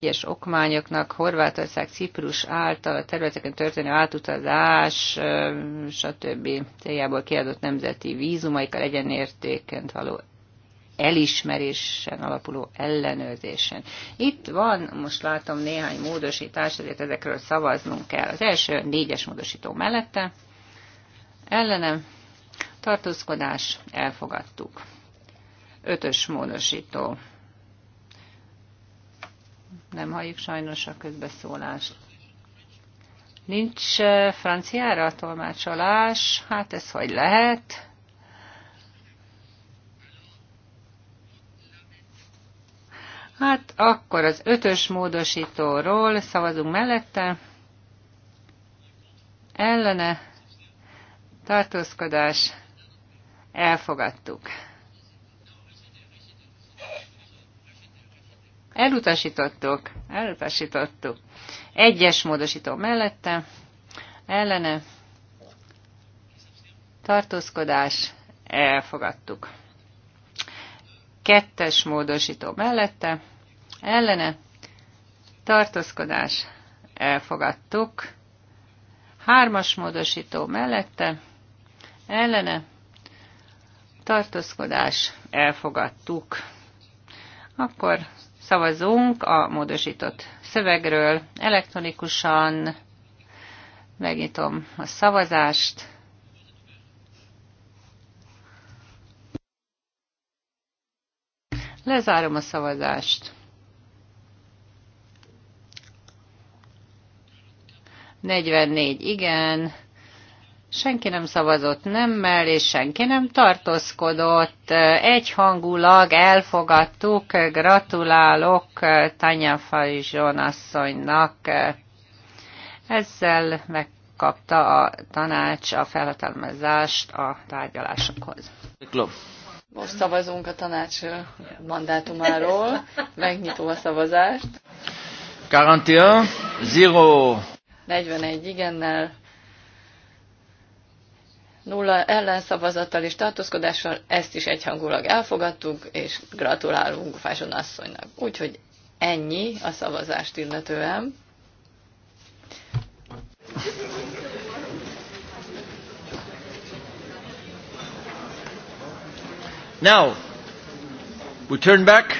egyes okmányoknak Horvátország, Ciprus által a területeken történő átutazás, stb. céljából kiadott nemzeti vízumaikkal egyenértékent való elismerésen alapuló ellenőrzésen. Itt van, most látom néhány módosítás, ezért ezekről szavaznunk kell. Az első négyes módosító mellette, ellenem, tartózkodás, elfogadtuk. Ötös módosító nem halljuk sajnos a közbeszólást. Nincs eh, franciára a tolmácsolás? Hát ez hogy lehet? Hát akkor az ötös módosítóról szavazunk mellette. Ellene tartózkodás elfogadtuk. Elutasítottuk, elutasítottuk. Egyes módosító mellette, ellene, tartózkodás, elfogadtuk. Kettes módosító mellette, ellene, tartózkodás, elfogadtuk. Hármas módosító mellette, ellene, tartózkodás, elfogadtuk. Akkor Szavazunk a módosított szövegről elektronikusan. Megnyitom a szavazást. Lezárom a szavazást. 44 igen, Senki nem szavazott nemmel, és senki nem tartózkodott. Egyhangulag elfogadtuk, gratulálok Tanya Fajon asszonynak. Ezzel megkapta a tanács a felhatalmazást a tárgyalásokhoz. Most szavazunk a tanács mandátumáról. Megnyitom a szavazást. 41, 0. 41 igennel, nulla ellenszavazattal és tartózkodással ezt is egyhangulag elfogadtuk, és gratulálunk Fáson asszonynak. Úgyhogy ennyi a szavazást illetően. Now, we turn back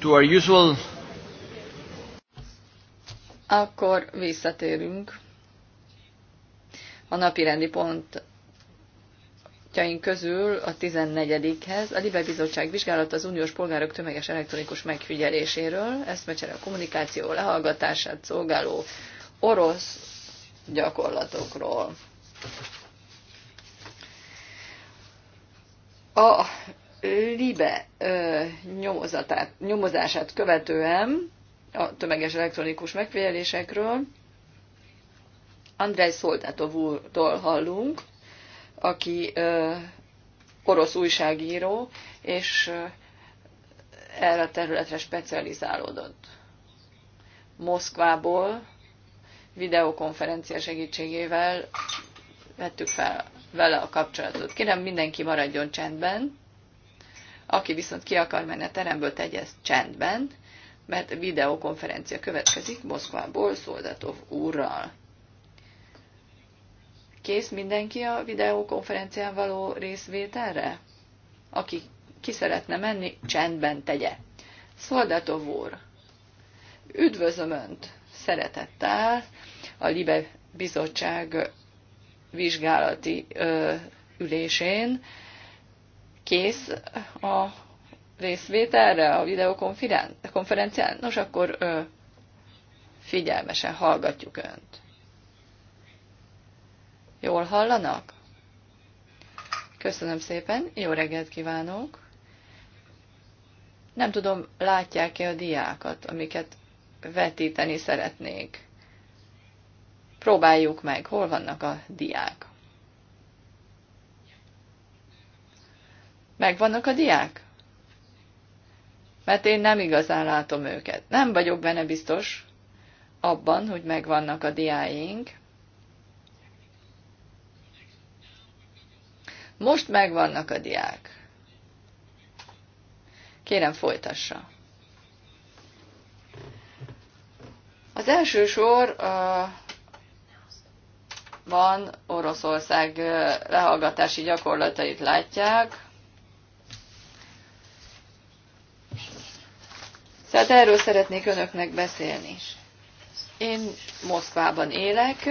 to our usual. Akkor visszatérünk a napirendi pontjaink közül a 14-hez, a Libe Bizottság vizsgálat az uniós polgárok tömeges elektronikus megfigyeléséről, ezt mecsere a kommunikáció lehallgatását szolgáló orosz gyakorlatokról. A Libe ö, nyomozatát, nyomozását követően a tömeges elektronikus megfigyelésekről Andrei Szoldatov úrtól hallunk, aki ö, orosz újságíró, és ö, erre a területre specializálódott. Moszkvából videokonferencia segítségével vettük fel vele a kapcsolatot. Kérem, mindenki maradjon csendben. Aki viszont ki akar menni a teremből, tegye ezt csendben, mert videokonferencia következik Moszkvából Szoldatov úrral. Kész mindenki a videókonferencián való részvételre? Aki ki szeretne menni, csendben tegye. Szoldatov úr, üdvözlöm Önt szeretettel a Libe Bizottság vizsgálati ö, ülésén. Kész a részvételre a videokonferencián? Nos, akkor ö, figyelmesen hallgatjuk Önt. Jól hallanak? Köszönöm szépen, jó reggelt kívánok! Nem tudom, látják-e a diákat, amiket vetíteni szeretnék. Próbáljuk meg, hol vannak a diák. Megvannak a diák? Mert én nem igazán látom őket. Nem vagyok benne biztos abban, hogy megvannak a diáink. Most megvannak a diák. Kérem, folytassa. Az első sor uh, van Oroszország uh, lehallgatási gyakorlatait látják. Tehát erről szeretnék önöknek beszélni is. Én Moszkvában élek,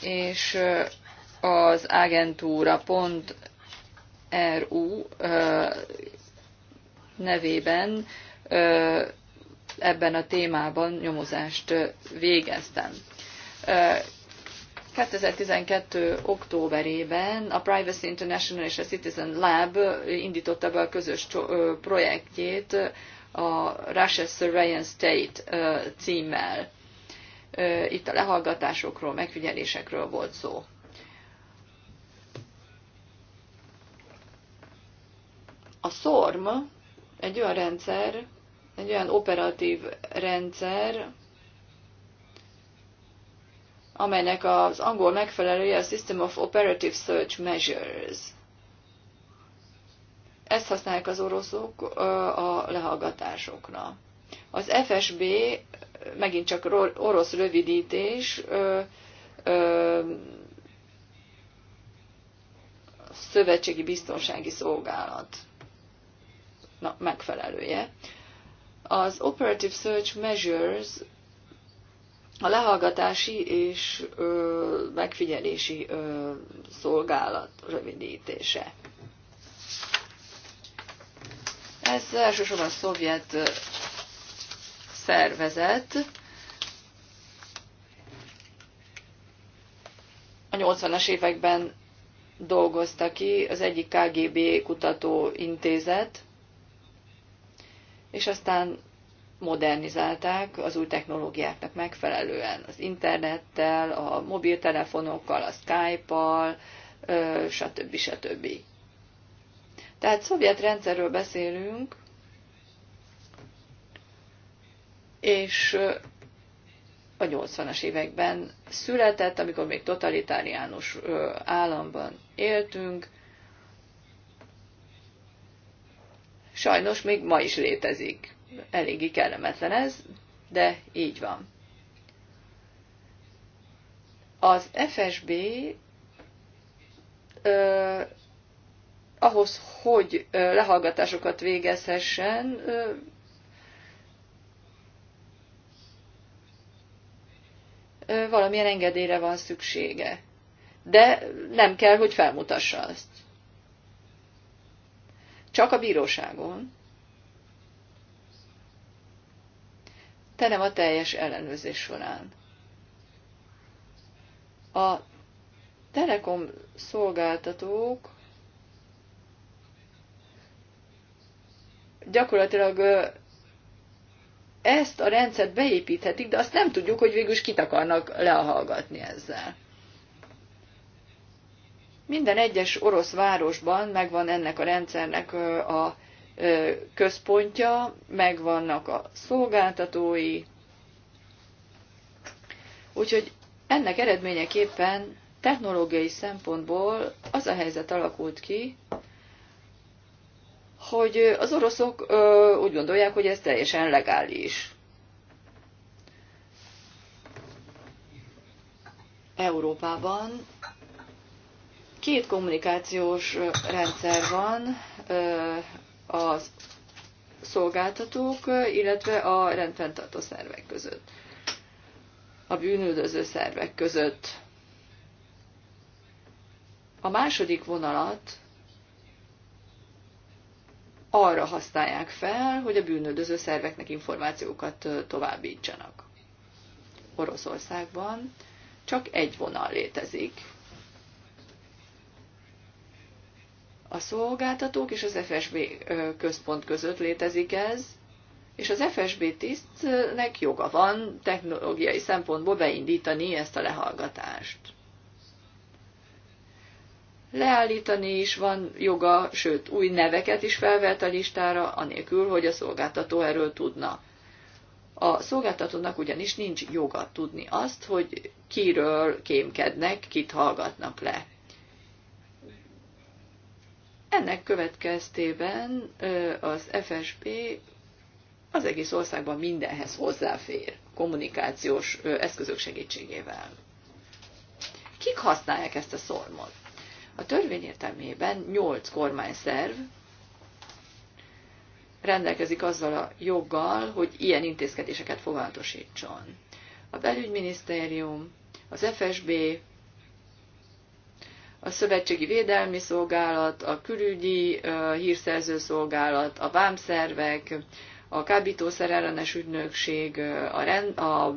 és az agentúra pont RU nevében ebben a témában nyomozást végeztem. 2012. októberében a Privacy International és a Citizen Lab indította be a közös projektjét a Russia Surveillance State címmel. Itt a lehallgatásokról, megfigyelésekről volt szó. A szorm egy olyan rendszer, egy olyan operatív rendszer, amelynek az angol megfelelője a System of Operative Search Measures. Ezt használják az oroszok a lehallgatásokra. Az FSB megint csak orosz rövidítés, Szövetségi Biztonsági Szolgálat na megfelelője. Az Operative Search Measures a lehallgatási és ö, megfigyelési ö, szolgálat rövidítése. Ez elsősorban a szovjet szervezet a 80-as években dolgozta ki az egyik KGB kutatóintézet, és aztán modernizálták az új technológiáknak megfelelően, az internettel, a mobiltelefonokkal, a Skype-al, stb. stb. Tehát szovjet rendszerről beszélünk, és a 80-as években született, amikor még totalitáriánus államban éltünk, sajnos még ma is létezik. Eléggé kellemetlen ez, de így van. Az FSB ö, ahhoz, hogy ö, lehallgatásokat végezhessen, ö, valamilyen engedélyre van szüksége. De nem kell, hogy felmutassa azt csak a bíróságon, te nem a teljes ellenőrzés során. A telekom szolgáltatók gyakorlatilag ezt a rendszert beépíthetik, de azt nem tudjuk, hogy végül is kit akarnak lehallgatni ezzel. Minden egyes orosz városban megvan ennek a rendszernek a központja, megvannak a szolgáltatói, úgyhogy ennek eredményeképpen technológiai szempontból az a helyzet alakult ki, hogy az oroszok ö, úgy gondolják, hogy ez teljesen legális. Európában Két kommunikációs rendszer van a szolgáltatók, illetve a rendfenntartó szervek között, a bűnüldöző szervek között. A második vonalat arra használják fel, hogy a bűnöldöző szerveknek információkat továbbítsanak. Oroszországban csak egy vonal létezik, A szolgáltatók és az FSB központ között létezik ez, és az FSB tisztnek joga van technológiai szempontból beindítani ezt a lehallgatást. Leállítani is van joga, sőt új neveket is felvett a listára, anélkül, hogy a szolgáltató erről tudna. A szolgáltatónak ugyanis nincs joga tudni azt, hogy kiről kémkednek, kit hallgatnak le. Ennek következtében az FSB az egész országban mindenhez hozzáfér kommunikációs eszközök segítségével. Kik használják ezt a szormot? A törvény értelmében 8 kormányszerv rendelkezik azzal a joggal, hogy ilyen intézkedéseket fogalmatosítson. A belügyminisztérium, az FSB, a Szövetségi Védelmi Szolgálat, a Külügyi Hírszerző Szolgálat, a Vámszervek, a Kábítószer ellenes ügynökség, a, rend, a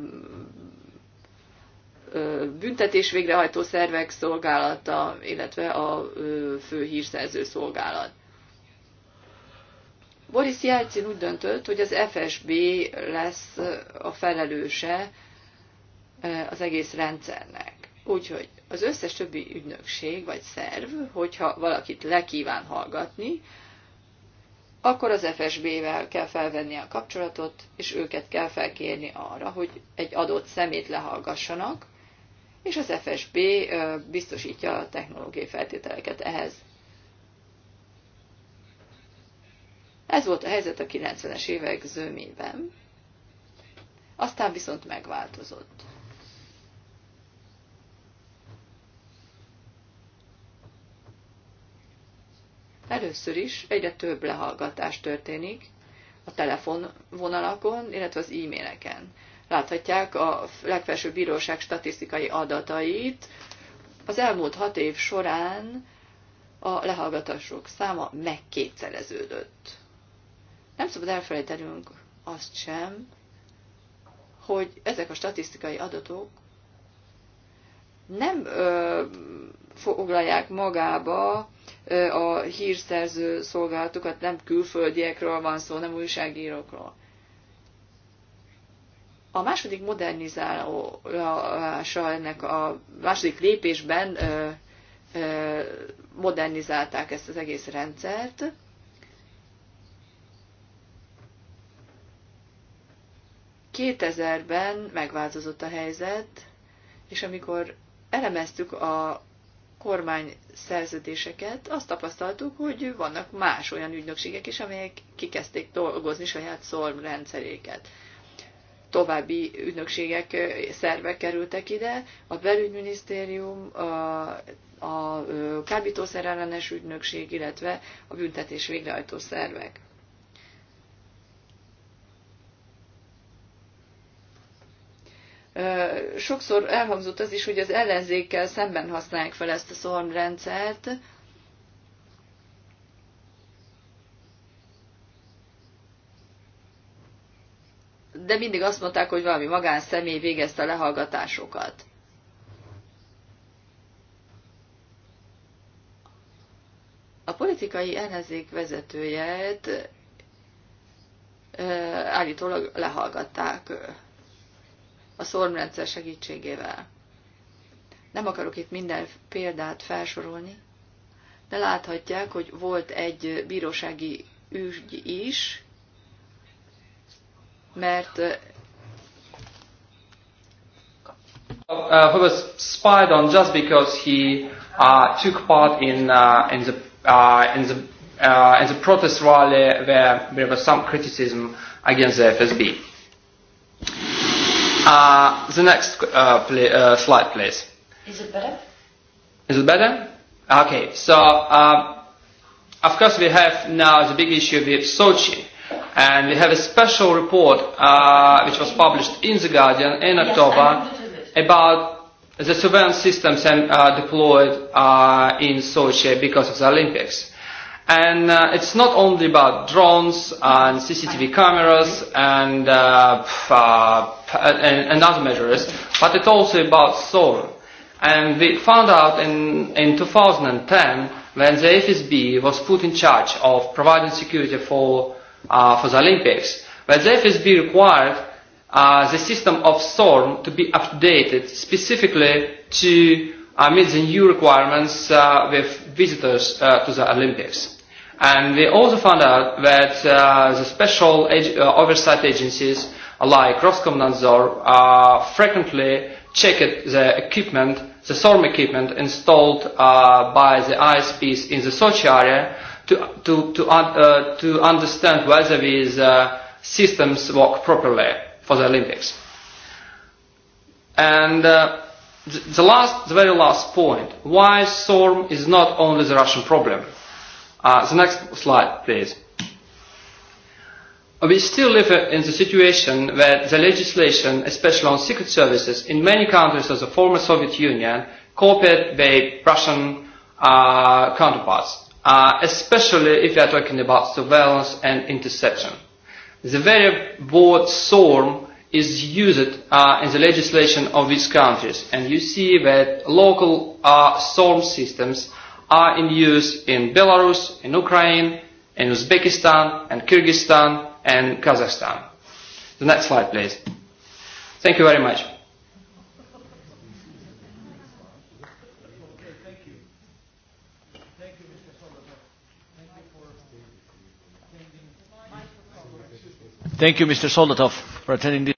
büntetés végrehajtó szervek szolgálata, illetve a fő hírszerző szolgálat. Boris Jelcin úgy döntött, hogy az FSB lesz a felelőse az egész rendszernek. Úgyhogy az összes többi ügynökség vagy szerv, hogyha valakit lekíván hallgatni, akkor az FSB-vel kell felvenni a kapcsolatot, és őket kell felkérni arra, hogy egy adott szemét lehallgassanak, és az FSB biztosítja a technológiai feltételeket ehhez. Ez volt a helyzet a 90-es évek zömében, aztán viszont megváltozott. Először is egyre több lehallgatás történik a telefonvonalakon, illetve az e-maileken. Láthatják a legfelsőbb bíróság statisztikai adatait. Az elmúlt hat év során a lehallgatások száma megkétszereződött. Nem szabad elfelejtenünk azt sem, hogy ezek a statisztikai adatok nem ö, foglalják magába a hírszerző szolgálatokat, nem külföldiekről van szó, nem újságírókról. A második modernizálása ennek a második lépésben modernizálták ezt az egész rendszert. Kétezerben megváltozott a helyzet, és amikor elemeztük a kormány szerződéseket, azt tapasztaltuk, hogy vannak más olyan ügynökségek is, amelyek kikezdték dolgozni saját szorm rendszeréket. További ügynökségek, szervek kerültek ide, a belügyminisztérium, a, a kábítószerellenes ügynökség, illetve a büntetés végrehajtó szervek. Sokszor elhangzott az is, hogy az ellenzékkel szemben használják fel ezt a szormrendszert, de mindig azt mondták, hogy valami magánszemély végezte a lehallgatásokat. A politikai ellenzék vezetőjét állítólag lehallgatták a szormrendszer segítségével. Nem akarok itt minden példát felsorolni, de láthatják, hogy volt egy bírósági ügy is, mert Uh, who was spied on just because he uh, took part in uh, in the uh, in the uh, in the protest rally where there was some criticism against the FSB. Uh, the next uh, play, uh, slide, please. Is it better? Is it better? Okay, so uh, of course we have now the big issue with Sochi. And we have a special report uh, which was published in The Guardian in yes, October about the surveillance systems and, uh, deployed uh, in Sochi because of the Olympics. And uh, it's not only about drones and CCTV cameras and, uh, uh, uh, and, and other measures, but it's also about solar. And we found out in, in 2010 when the FSB was put in charge of providing security for, uh, for the Olympics, that the FSB required uh, the system of SORM to be updated specifically to uh, meets the new requirements uh, with visitors uh, to the Olympics. And we also found out that uh, the special ag- uh, oversight agencies uh, like Roskomnadzor uh, frequently checked the equipment, the storm equipment installed uh, by the ISPs in the Sochi area to, to, to, un- uh, to understand whether these uh, systems work properly for the Olympics. And uh, the, last, the very last point, why storm is not only the Russian problem. Uh, the next slide, please. Uh, we still live in the situation where the legislation, especially on secret services, in many countries of the former Soviet Union, copied by Russian uh, counterparts, uh, especially if we are talking about surveillance and interception. The very word storm is used uh, in the legislation of these countries. And you see that local uh, storm systems are in use in Belarus, in Ukraine, in Uzbekistan, and Kyrgyzstan, and Kazakhstan. The next slide, please. Thank you very much. Thank you, Mr. Solotov, for attending this.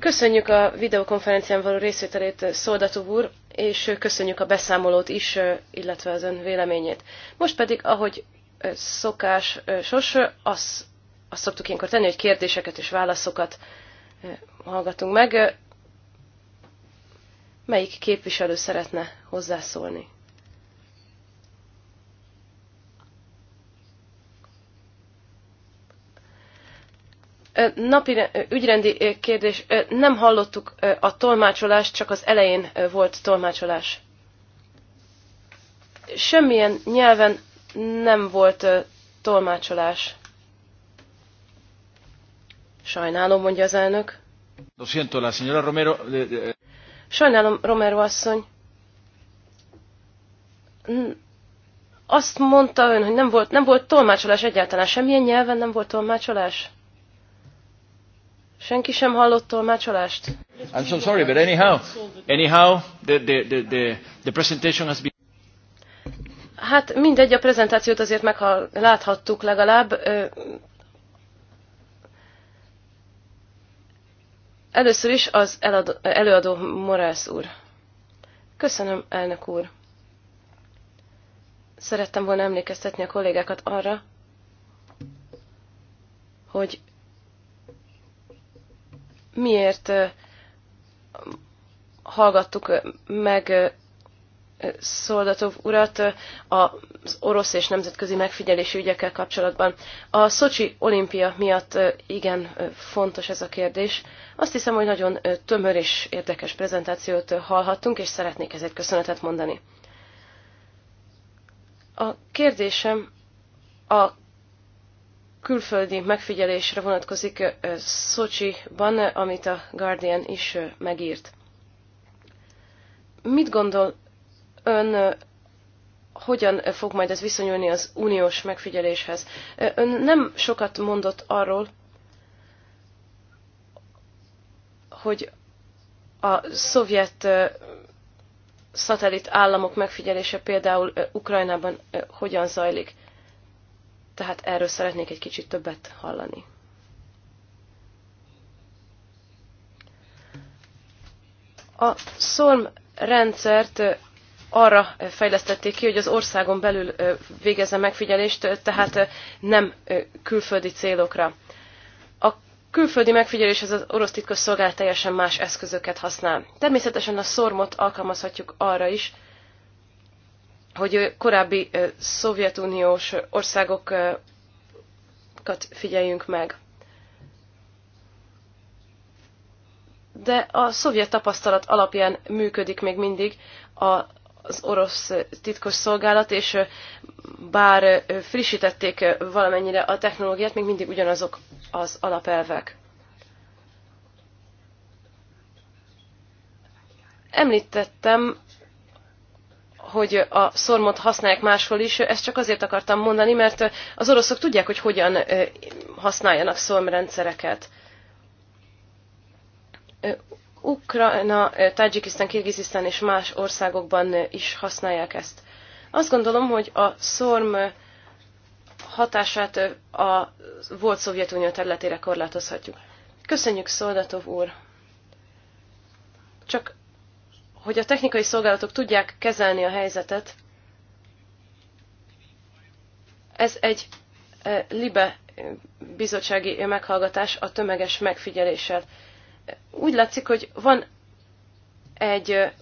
Köszönjük a videokonferencián való részvételét, Szoldatú úr, és köszönjük a beszámolót is, illetve az ön véleményét. Most pedig, ahogy szokás, sos, azt, azt szoktuk ilyenkor tenni, hogy kérdéseket és válaszokat hallgatunk meg. Melyik képviselő szeretne hozzászólni? napi ügyrendi kérdés, nem hallottuk a tolmácsolást, csak az elején volt tolmácsolás. Semmilyen nyelven nem volt tolmácsolás. Sajnálom, mondja az elnök. Lo siento, la señora Romero... Sajnálom, Romero asszony. Azt mondta ön, hogy nem volt, nem volt tolmácsolás egyáltalán. Semmilyen nyelven nem volt tolmácsolás? Senki sem hallott tolmácsolást? I'm so sorry, but anyhow, anyhow, the, the, the, the, the presentation has been... Hát mindegy, a prezentációt azért meg láthattuk legalább. Először is az eladó, előadó Morász úr. Köszönöm, elnök úr. Szerettem volna emlékeztetni a kollégákat arra, hogy miért hallgattuk meg Szoldatov urat az orosz és nemzetközi megfigyelési ügyekkel kapcsolatban. A Szocsi olimpia miatt igen fontos ez a kérdés. Azt hiszem, hogy nagyon tömör és érdekes prezentációt hallhattunk, és szeretnék ezért köszönetet mondani. A kérdésem a külföldi megfigyelésre vonatkozik Szocsiban, amit a Guardian is megírt. Mit gondol ön, hogyan fog majd ez viszonyulni az uniós megfigyeléshez? Ön nem sokat mondott arról, hogy a szovjet szatellit államok megfigyelése például Ukrajnában hogyan zajlik tehát erről szeretnék egy kicsit többet hallani. A SZORM rendszert arra fejlesztették ki, hogy az országon belül végezze megfigyelést, tehát nem külföldi célokra. A külföldi megfigyeléshez az orosz titkos szolgálat teljesen más eszközöket használ. Természetesen a szormot alkalmazhatjuk arra is, hogy korábbi szovjetuniós országokat figyeljünk meg. De a szovjet tapasztalat alapján működik még mindig az orosz titkos szolgálat, és bár frissítették valamennyire a technológiát, még mindig ugyanazok az alapelvek. Említettem hogy a szormot használják máshol is, ezt csak azért akartam mondani, mert az oroszok tudják, hogy hogyan használjanak szormrendszereket. Ukrajna, Tajikisztán, Kirgizisztán és más országokban is használják ezt. Azt gondolom, hogy a szorm hatását a volt Szovjetunió területére korlátozhatjuk. Köszönjük, Szoldatov úr! Csak hogy a technikai szolgálatok tudják kezelni a helyzetet. Ez egy e, libe bizottsági meghallgatás a tömeges megfigyeléssel. Úgy látszik, hogy van egy e,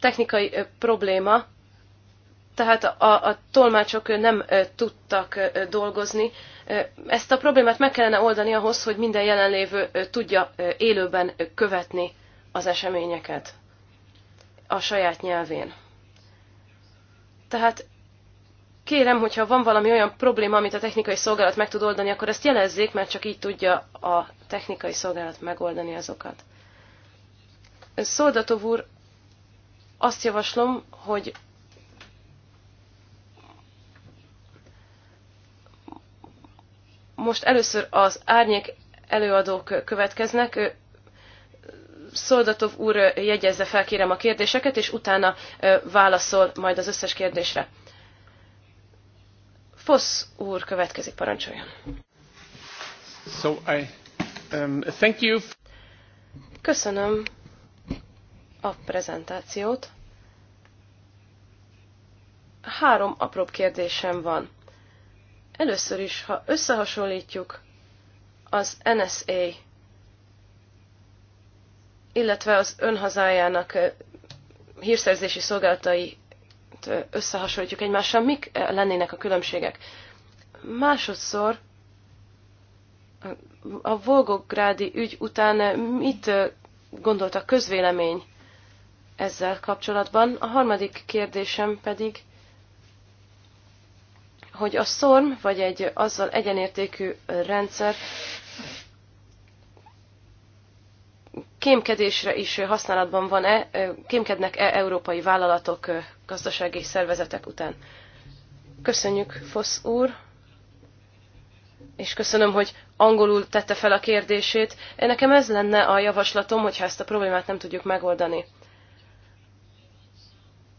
technikai e, probléma, tehát a, a tolmácsok nem tudtak dolgozni, ezt a problémát meg kellene oldani ahhoz, hogy minden jelenlévő tudja élőben követni az eseményeket a saját nyelvén. Tehát kérem, hogyha van valami olyan probléma, amit a technikai szolgálat meg tud oldani, akkor ezt jelezzék, mert csak így tudja a technikai szolgálat megoldani azokat. Szoldatov úr, azt javaslom, hogy Most először az árnyék előadók következnek. Szoldatov úr jegyezze fel, kérem a kérdéseket, és utána válaszol majd az összes kérdésre. Fosz úr következik, parancsoljon. So I, um, thank you. Köszönöm a prezentációt. Három apróbb kérdésem van. Először is, ha összehasonlítjuk az NSA, illetve az önhazájának hírszerzési szolgálatai összehasonlítjuk egymással, mik lennének a különbségek? Másodszor a Volgográdi ügy után mit gondolt a közvélemény ezzel kapcsolatban? A harmadik kérdésem pedig hogy a SZORM, vagy egy azzal egyenértékű rendszer kémkedésre is használatban van-e, kémkednek-e európai vállalatok, gazdasági szervezetek után. Köszönjük, Fosz úr! és köszönöm, hogy angolul tette fel a kérdését. Nekem ez lenne a javaslatom, hogyha ezt a problémát nem tudjuk megoldani.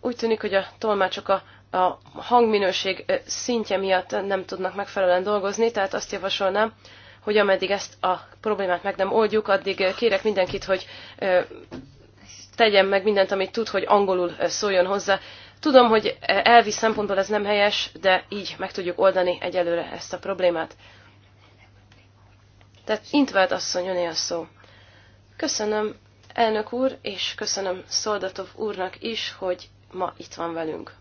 Úgy tűnik, hogy a tolmácsok a a hangminőség szintje miatt nem tudnak megfelelően dolgozni, tehát azt javasolnám, hogy ameddig ezt a problémát meg nem oldjuk, addig kérek mindenkit, hogy tegyen meg mindent, amit tud, hogy angolul szóljon hozzá. Tudom, hogy elvi szempontból ez nem helyes, de így meg tudjuk oldani egyelőre ezt a problémát. Tehát Intvált asszony, öné a szó. Köszönöm elnök úr, és köszönöm Szoldatov úrnak is, hogy ma itt van velünk.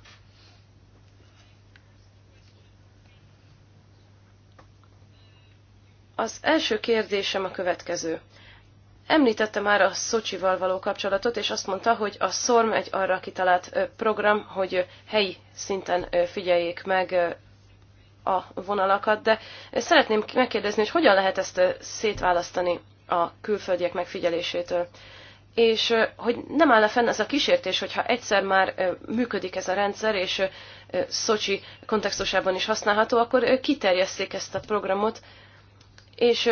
Az első kérdésem a következő. Említette már a Szocsival való kapcsolatot, és azt mondta, hogy a SZORM egy arra kitalált program, hogy helyi szinten figyeljék meg a vonalakat, de szeretném megkérdezni, hogy hogyan lehet ezt szétválasztani a külföldiek megfigyelésétől. És hogy nem áll áll-e fenn ez a kísértés, hogyha egyszer már működik ez a rendszer, és Szocsi kontextusában is használható, akkor kiterjesszék ezt a programot és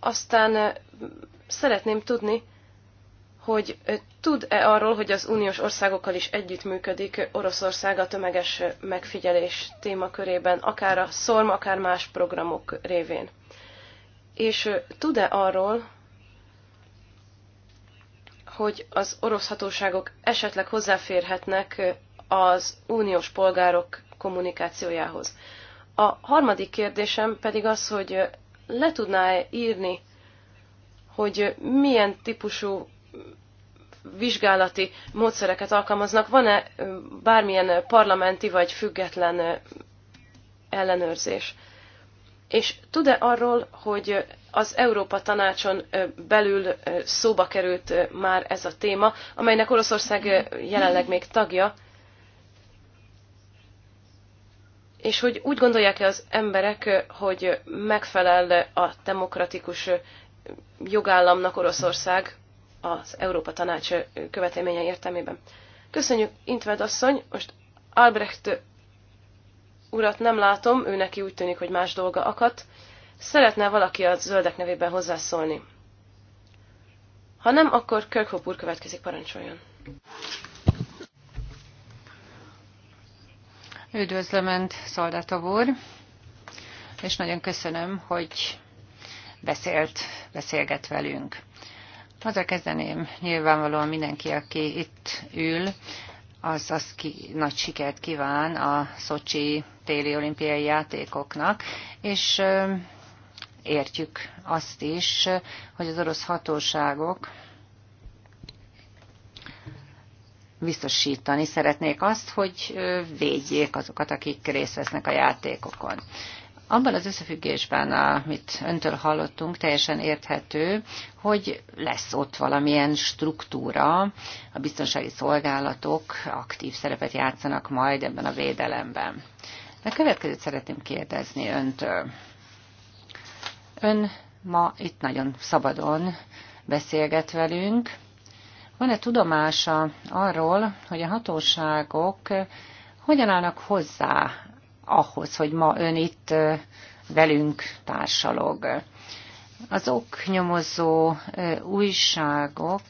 aztán szeretném tudni, hogy tud-e arról, hogy az uniós országokkal is együttműködik Oroszország a tömeges megfigyelés témakörében, akár a SZORM, akár más programok révén. És tud-e arról, hogy az orosz hatóságok esetleg hozzáférhetnek az uniós polgárok kommunikációjához. A harmadik kérdésem pedig az, hogy le tudná-e írni, hogy milyen típusú vizsgálati módszereket alkalmaznak? Van-e bármilyen parlamenti vagy független ellenőrzés? És tud-e arról, hogy az Európa Tanácson belül szóba került már ez a téma, amelynek Oroszország jelenleg még tagja, és hogy úgy gondolják-e az emberek, hogy megfelel a demokratikus jogállamnak Oroszország az Európa Tanács követelménye értelmében. Köszönjük, Intved asszony, most Albrecht urat nem látom, ő neki úgy tűnik, hogy más dolga akadt. Szeretne valaki a zöldek nevében hozzászólni? Ha nem, akkor Kirkhope úr következik, parancsoljon. Üdvözlöm Önt, Szoldatov úr, és nagyon köszönöm, hogy beszélt, beszélget velünk. a kezdeném, nyilvánvalóan mindenki, aki itt ül, az, az ki, nagy sikert kíván a Szocsi téli olimpiai játékoknak, és értjük azt is, hogy az orosz hatóságok biztosítani szeretnék azt, hogy védjék azokat, akik részt vesznek a játékokon. Abban az összefüggésben, amit öntől hallottunk, teljesen érthető, hogy lesz ott valamilyen struktúra, a biztonsági szolgálatok aktív szerepet játszanak majd ebben a védelemben. A következőt szeretném kérdezni öntől. Ön ma itt nagyon szabadon beszélget velünk, van-e tudomása arról, hogy a hatóságok eh, hogyan állnak hozzá ahhoz, hogy ma ön itt eh, velünk társalog? Az oknyomozó eh, újságok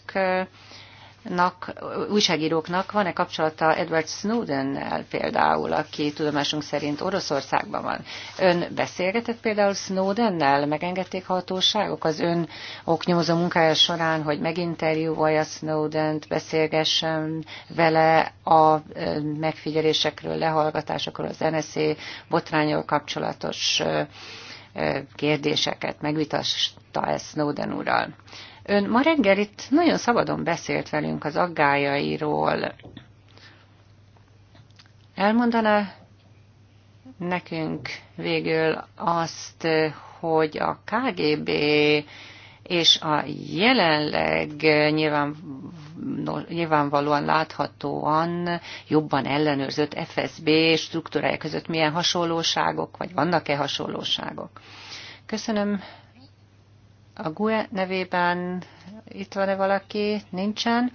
újságíróknak, újságíróknak van-e kapcsolata Edward Snowden-nel például, aki tudomásunk szerint Oroszországban van. Ön beszélgetett például Snowden-nel? Megengedték hatóságok az ön oknyomozó munkája során, hogy meginterjúvalja Snowden-t, beszélgessen vele a megfigyelésekről, lehallgatásokról, az NSZ botrányról kapcsolatos kérdéseket megvitasta ezt Snowden úrral. Ön ma reggel itt nagyon szabadon beszélt velünk az aggájairól. Elmondaná nekünk végül azt, hogy a KGB és a jelenleg nyilván, nyilvánvalóan láthatóan jobban ellenőrzött FSB struktúrája között milyen hasonlóságok, vagy vannak-e hasonlóságok? Köszönöm a GUE nevében itt van-e valaki? Nincsen.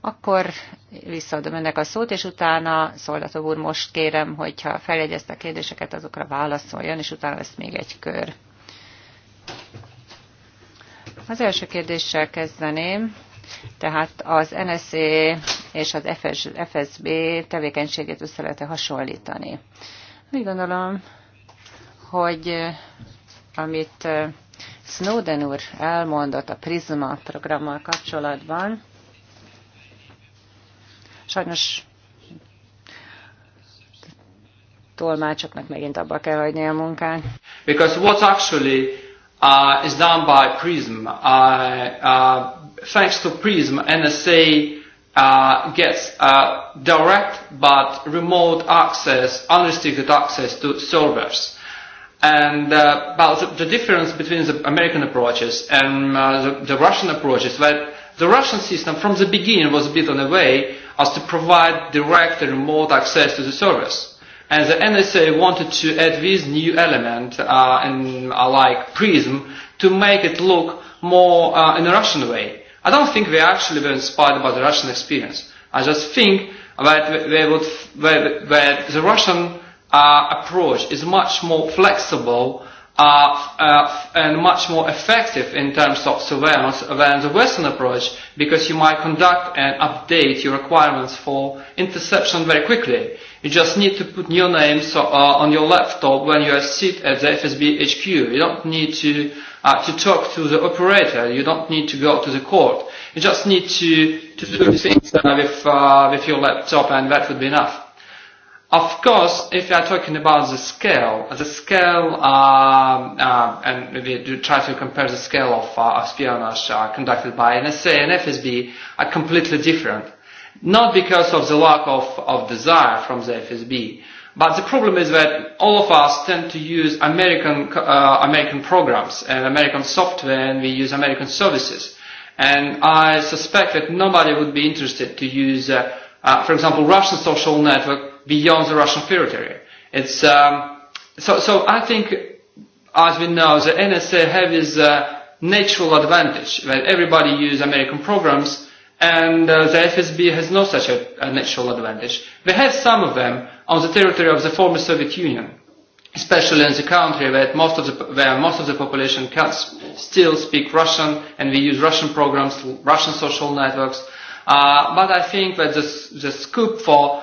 Akkor visszaadom önnek a szót, és utána szoldató úr most kérem, hogyha feljegyezte a kérdéseket, azokra válaszoljon, és utána lesz még egy kör. Az első kérdéssel kezdeném. Tehát az NSA és az FSB tevékenységét össze lehet -e hasonlítani. Úgy gondolom, hogy amit Snowden úr elmondott a Prisma programmal kapcsolatban, sajnos tolmácsoknak megint abba kell hagyni a munkán. Because what actually uh, is done by PRISM, uh, uh, thanks to PRISM, NSA uh, gets uh, direct but remote access, unrestricted access to servers And uh, about the, the difference between the American approaches and uh, the, the Russian approaches, that the Russian system from the beginning was built in a way as to provide direct and remote access to the service. And the NSA wanted to add this new element, uh, in, uh, like PRISM, to make it look more uh, in a Russian way. I don't think they actually were inspired by the Russian experience. I just think that, they would, that, that the Russian uh, approach is much more flexible uh, uh, and much more effective in terms of surveillance than the Western approach because you might conduct and update your requirements for interception very quickly. You just need to put new names uh, on your laptop when you are sit at the FSB HQ. You don't need to uh, to talk to the operator. You don't need to go to the court. You just need to, to do things uh, with, uh, with your laptop and that would be enough. Of course, if you are talking about the scale, the scale, uh, uh, and we do try to compare the scale of uh, espionage uh, conducted by NSA and FSB, are completely different. Not because of the lack of, of desire from the FSB, but the problem is that all of us tend to use American, uh, American programs and American software, and we use American services. And I suspect that nobody would be interested to use, uh, uh, for example, Russian social network beyond the Russian territory. It's, um, so, so I think, as we know, the NSA have this uh, natural advantage that everybody uses American programs and uh, the FSB has no such a, a natural advantage. They have some of them on the territory of the former Soviet Union, especially in the country where most of the, where most of the population can still speak Russian and we use Russian programs, Russian social networks. Uh, but I think that the, the scope for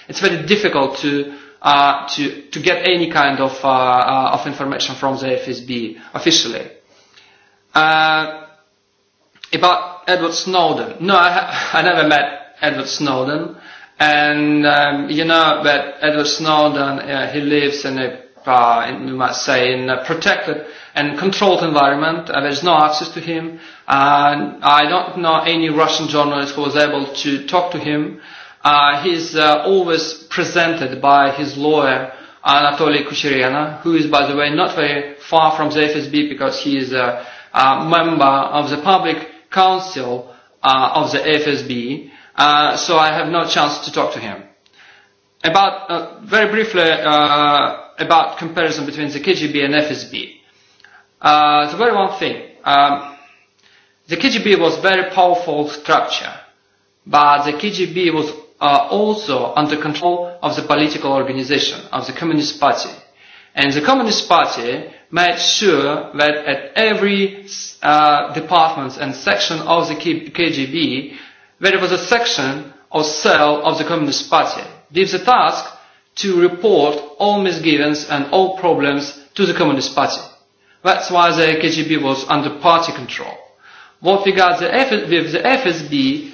it's very difficult to uh, to to get any kind of uh, uh, of information from the FSB officially. Uh, about Edward Snowden, no, I, ha- I never met Edward Snowden, and um, you know, that Edward Snowden uh, he lives in a uh, in, you might say in a protected and controlled environment. Uh, there's no access to him. Uh, I don't know any Russian journalist who was able to talk to him. Uh, he's uh, always presented by his lawyer, Anatoly Kucherena, who is, by the way, not very far from the FSB because he is a, a member of the public council uh, of the FSB. Uh, so I have no chance to talk to him. About, uh, very briefly, uh, about comparison between the KGB and FSB. Uh, the very one thing, um, the KGB was very powerful structure, but the KGB was are also under control of the political organization of the Communist Party. And the Communist Party made sure that at every uh, department and section of the KGB, there was a section or cell of the Communist Party, gives the task to report all misgivings and all problems to the Communist Party. That's why the KGB was under party control. What regards the F with the FSB,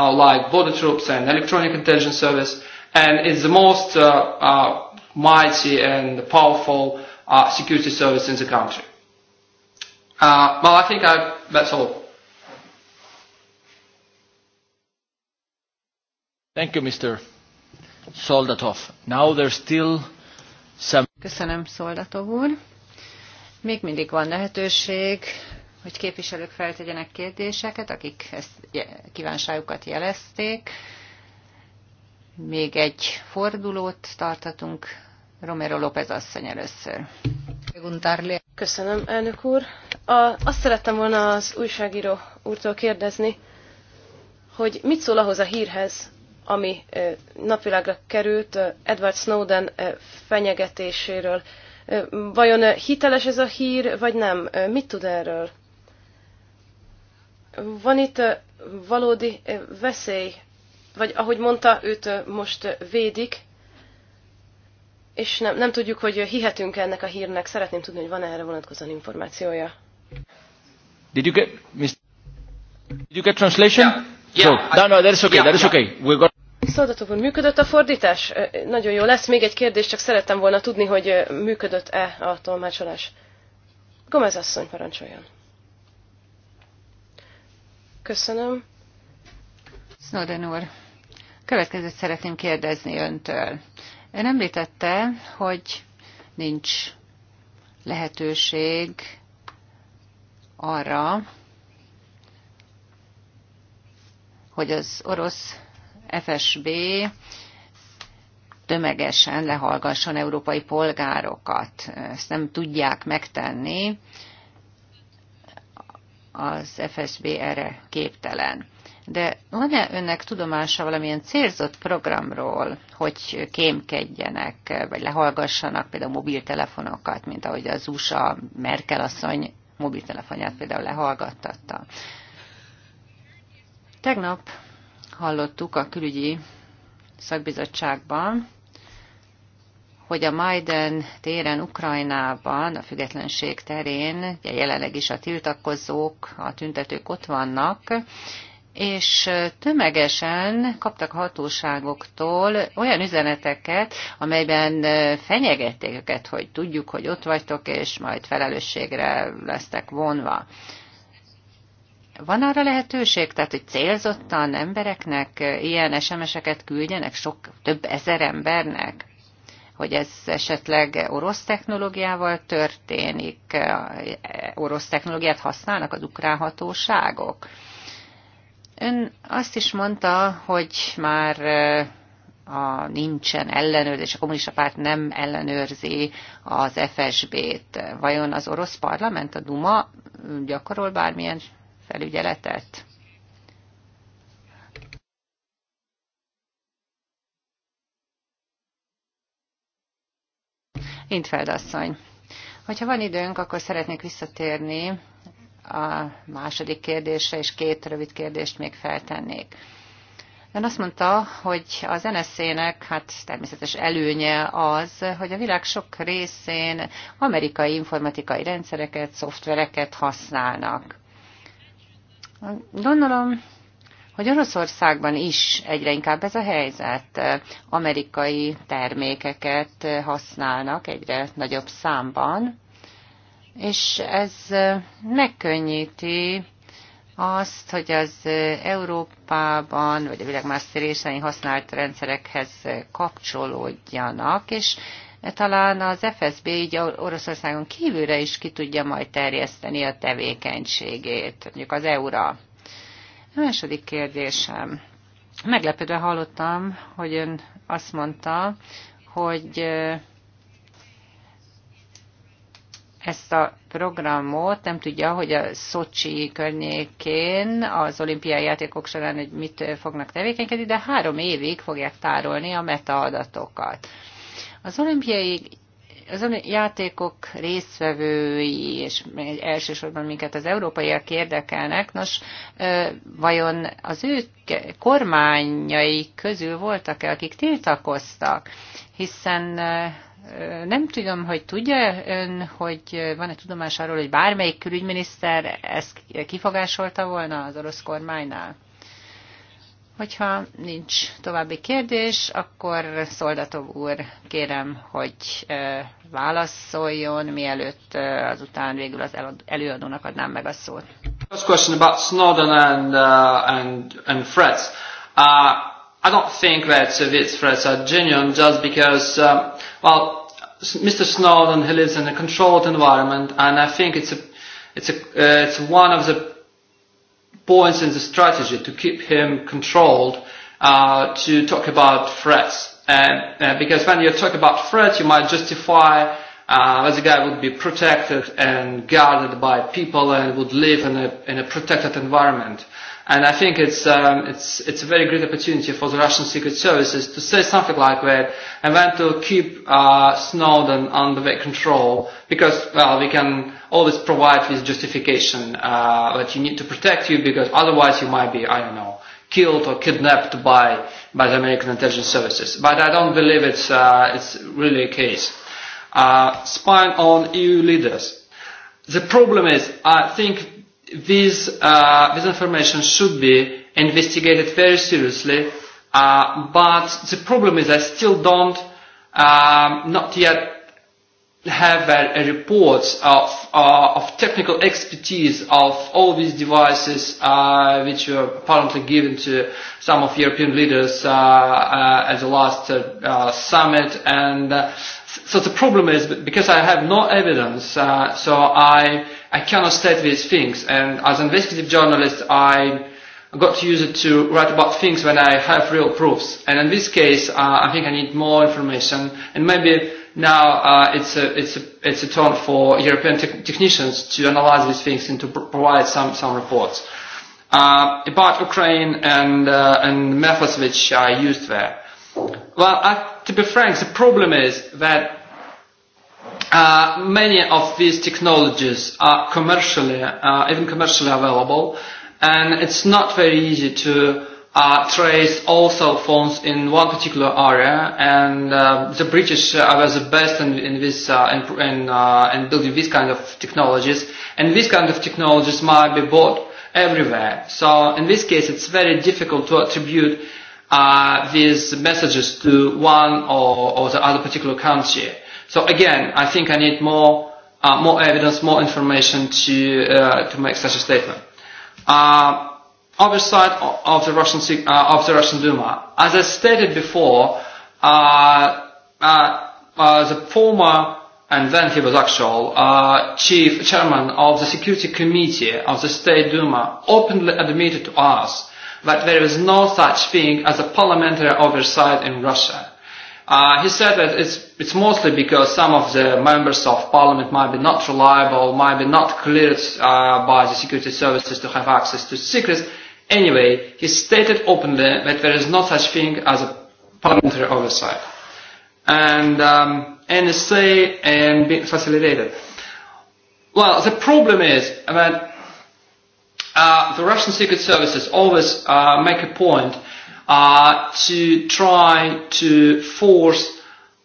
our like border troops and electronic intelligence service, and it's the most uh, uh, mighty and powerful uh, security service in the country. Uh, well, I think I, that's all. Thank you, Mr. Soldatov. Now there's still some... Köszönöm, Soldatov úr. Még mindig van lehetőség hogy képviselők feltegyenek kérdéseket, akik ezt kívánságukat jelezték. Még egy fordulót tartatunk. Romero López asszony először. Köszönöm, elnök úr. A, azt szerettem volna az újságíró úrtól kérdezni, hogy mit szól ahhoz a hírhez, ami napvilágra került Edward Snowden fenyegetéséről. Vajon hiteles ez a hír, vagy nem? Mit tud erről? van itt valódi veszély, vagy ahogy mondta, őt most védik, és nem, nem tudjuk, hogy hihetünk -e ennek a hírnek. Szeretném tudni, hogy van -e erre vonatkozóan információja. Did you get, Mr. Did you get translation? Yeah. Yeah, so, no, no, is okay, yeah, is okay. We got... Szoldatov hogy működött a fordítás? Nagyon jó lesz. Még egy kérdés, csak szerettem volna tudni, hogy működött-e a tolmácsolás. Gomez asszony, parancsoljon. Köszönöm. Snowden úr, következőt szeretném kérdezni öntől. Ön említette, hogy nincs lehetőség arra, hogy az orosz FSB tömegesen lehallgasson európai polgárokat. Ezt nem tudják megtenni, az FSB erre képtelen. De van-e önnek tudomása valamilyen célzott programról, hogy kémkedjenek, vagy lehallgassanak például mobiltelefonokat, mint ahogy az USA Merkel asszony mobiltelefonját például lehallgattatta? Tegnap hallottuk a külügyi szakbizottságban, hogy a Majden téren Ukrajnában, a függetlenség terén, ugye jelenleg is a tiltakozók, a tüntetők ott vannak, és tömegesen kaptak hatóságoktól olyan üzeneteket, amelyben fenyegették őket, hogy tudjuk, hogy ott vagytok, és majd felelősségre lesztek vonva. Van arra lehetőség, tehát, hogy célzottan embereknek ilyen SMS-eket küldjenek, sok több ezer embernek? hogy ez esetleg orosz technológiával történik, orosz technológiát használnak az ukrán hatóságok. Ön azt is mondta, hogy már a, nincsen ellenőrzés, a kommunista párt nem ellenőrzi az FSB-t. Vajon az orosz parlament, a Duma gyakorol bármilyen felügyeletet? Intfeld asszony. Hogyha van időnk, akkor szeretnék visszatérni a második kérdésre, és két rövid kérdést még feltennék. Ön azt mondta, hogy az NSZ-nek hát természetes előnye az, hogy a világ sok részén amerikai informatikai rendszereket, szoftvereket használnak. Gondolom hogy Oroszországban is egyre inkább ez a helyzet. Eh, amerikai termékeket eh, használnak egyre nagyobb számban, és ez eh, megkönnyíti azt, hogy az Európában vagy a világ más részein használt rendszerekhez kapcsolódjanak, és talán az FSB így Oroszországon kívülre is ki tudja majd terjeszteni a tevékenységét, mondjuk az eu a Második kérdésem. Meglepődve hallottam, hogy ön azt mondta, hogy ezt a programot, nem tudja, hogy a Szocsi környékén az olimpiai játékok során hogy mit fognak tevékenykedni, de három évig fogják tárolni a metaadatokat. Az olimpiai az játékok résztvevői, és elsősorban minket az európaiak érdekelnek, nos, vajon az ő kormányai közül voltak-e, akik tiltakoztak? Hiszen nem tudom, hogy tudja ön, hogy van-e tudomás arról, hogy bármelyik külügyminiszter ezt kifogásolta volna az orosz kormánynál? Hogyha nincs további kérdés, akkor Szoldatov úr kérem, hogy válaszoljon, mielőtt azután végül az előadónak adnám meg a szót. First question about Snowden and, uh, and, and threats. Uh, I don't think that these threats are genuine just because, uh, well, Mr. Snowden, he lives in a controlled environment and I think it's, a, it's, a, uh, it's one of the points in the strategy to keep him controlled uh, to talk about threats. And, uh, because when you talk about threats, you might justify uh, that the guy would be protected and guarded by people and would live in a, in a protected environment. And I think it's, um, it's, it's a very great opportunity for the Russian secret services to say something like that and then to keep uh, Snowden under their control because, well, we can always provide this justification uh, that you need to protect you because otherwise you might be, I don't know, killed or kidnapped by, by the American intelligence services. But I don't believe it's, uh, it's really a case. Uh, spying on EU leaders. The problem is, I think this, uh, this information should be investigated very seriously, uh, but the problem is I still don't, um, not yet have a, a report of, uh, of technical expertise of all these devices uh, which were apparently given to some of European leaders uh, uh, at the last uh, uh, summit. And uh, so the problem is because I have no evidence, uh, so I I cannot state these things. And as an investigative journalist, I got to use it to write about things when I have real proofs. And in this case, uh, I think I need more information. And maybe now uh, it's a it's a it's a turn for European te- technicians to analyze these things and to pr- provide some some reports uh, about Ukraine and uh, and methods which are used there. Well, I, uh, to be frank, the problem is that Uh, many of these technologies are commercially, uh, even commercially available, and it's not very easy to uh, trace all cell phones in one particular area, and uh, the British are the best in, in this uh, in, in, uh, in building these kind of technologies, and these kind of technologies might be bought everywhere. So in this case, it's very difficult to attribute uh, these messages to one or, or the other particular country. So again, I think I need more uh, more evidence, more information to uh, to make such a statement. Uh, oversight of the Russian uh, of the Russian Duma, as I stated before, uh, uh, uh, the former and then he was actual uh, chief chairman of the security committee of the State Duma openly admitted to us that there is no such thing as a parliamentary oversight in Russia Uh, he said that it's, it's mostly because some of the members of parliament might be not reliable, might be not cleared uh, by the security services to have access to secrets. Anyway, he stated openly that there is no such thing as a parliamentary oversight. And um, NSA and being facilitated. Well, the problem is that uh, the Russian secret services always uh, make a point uh, to try to force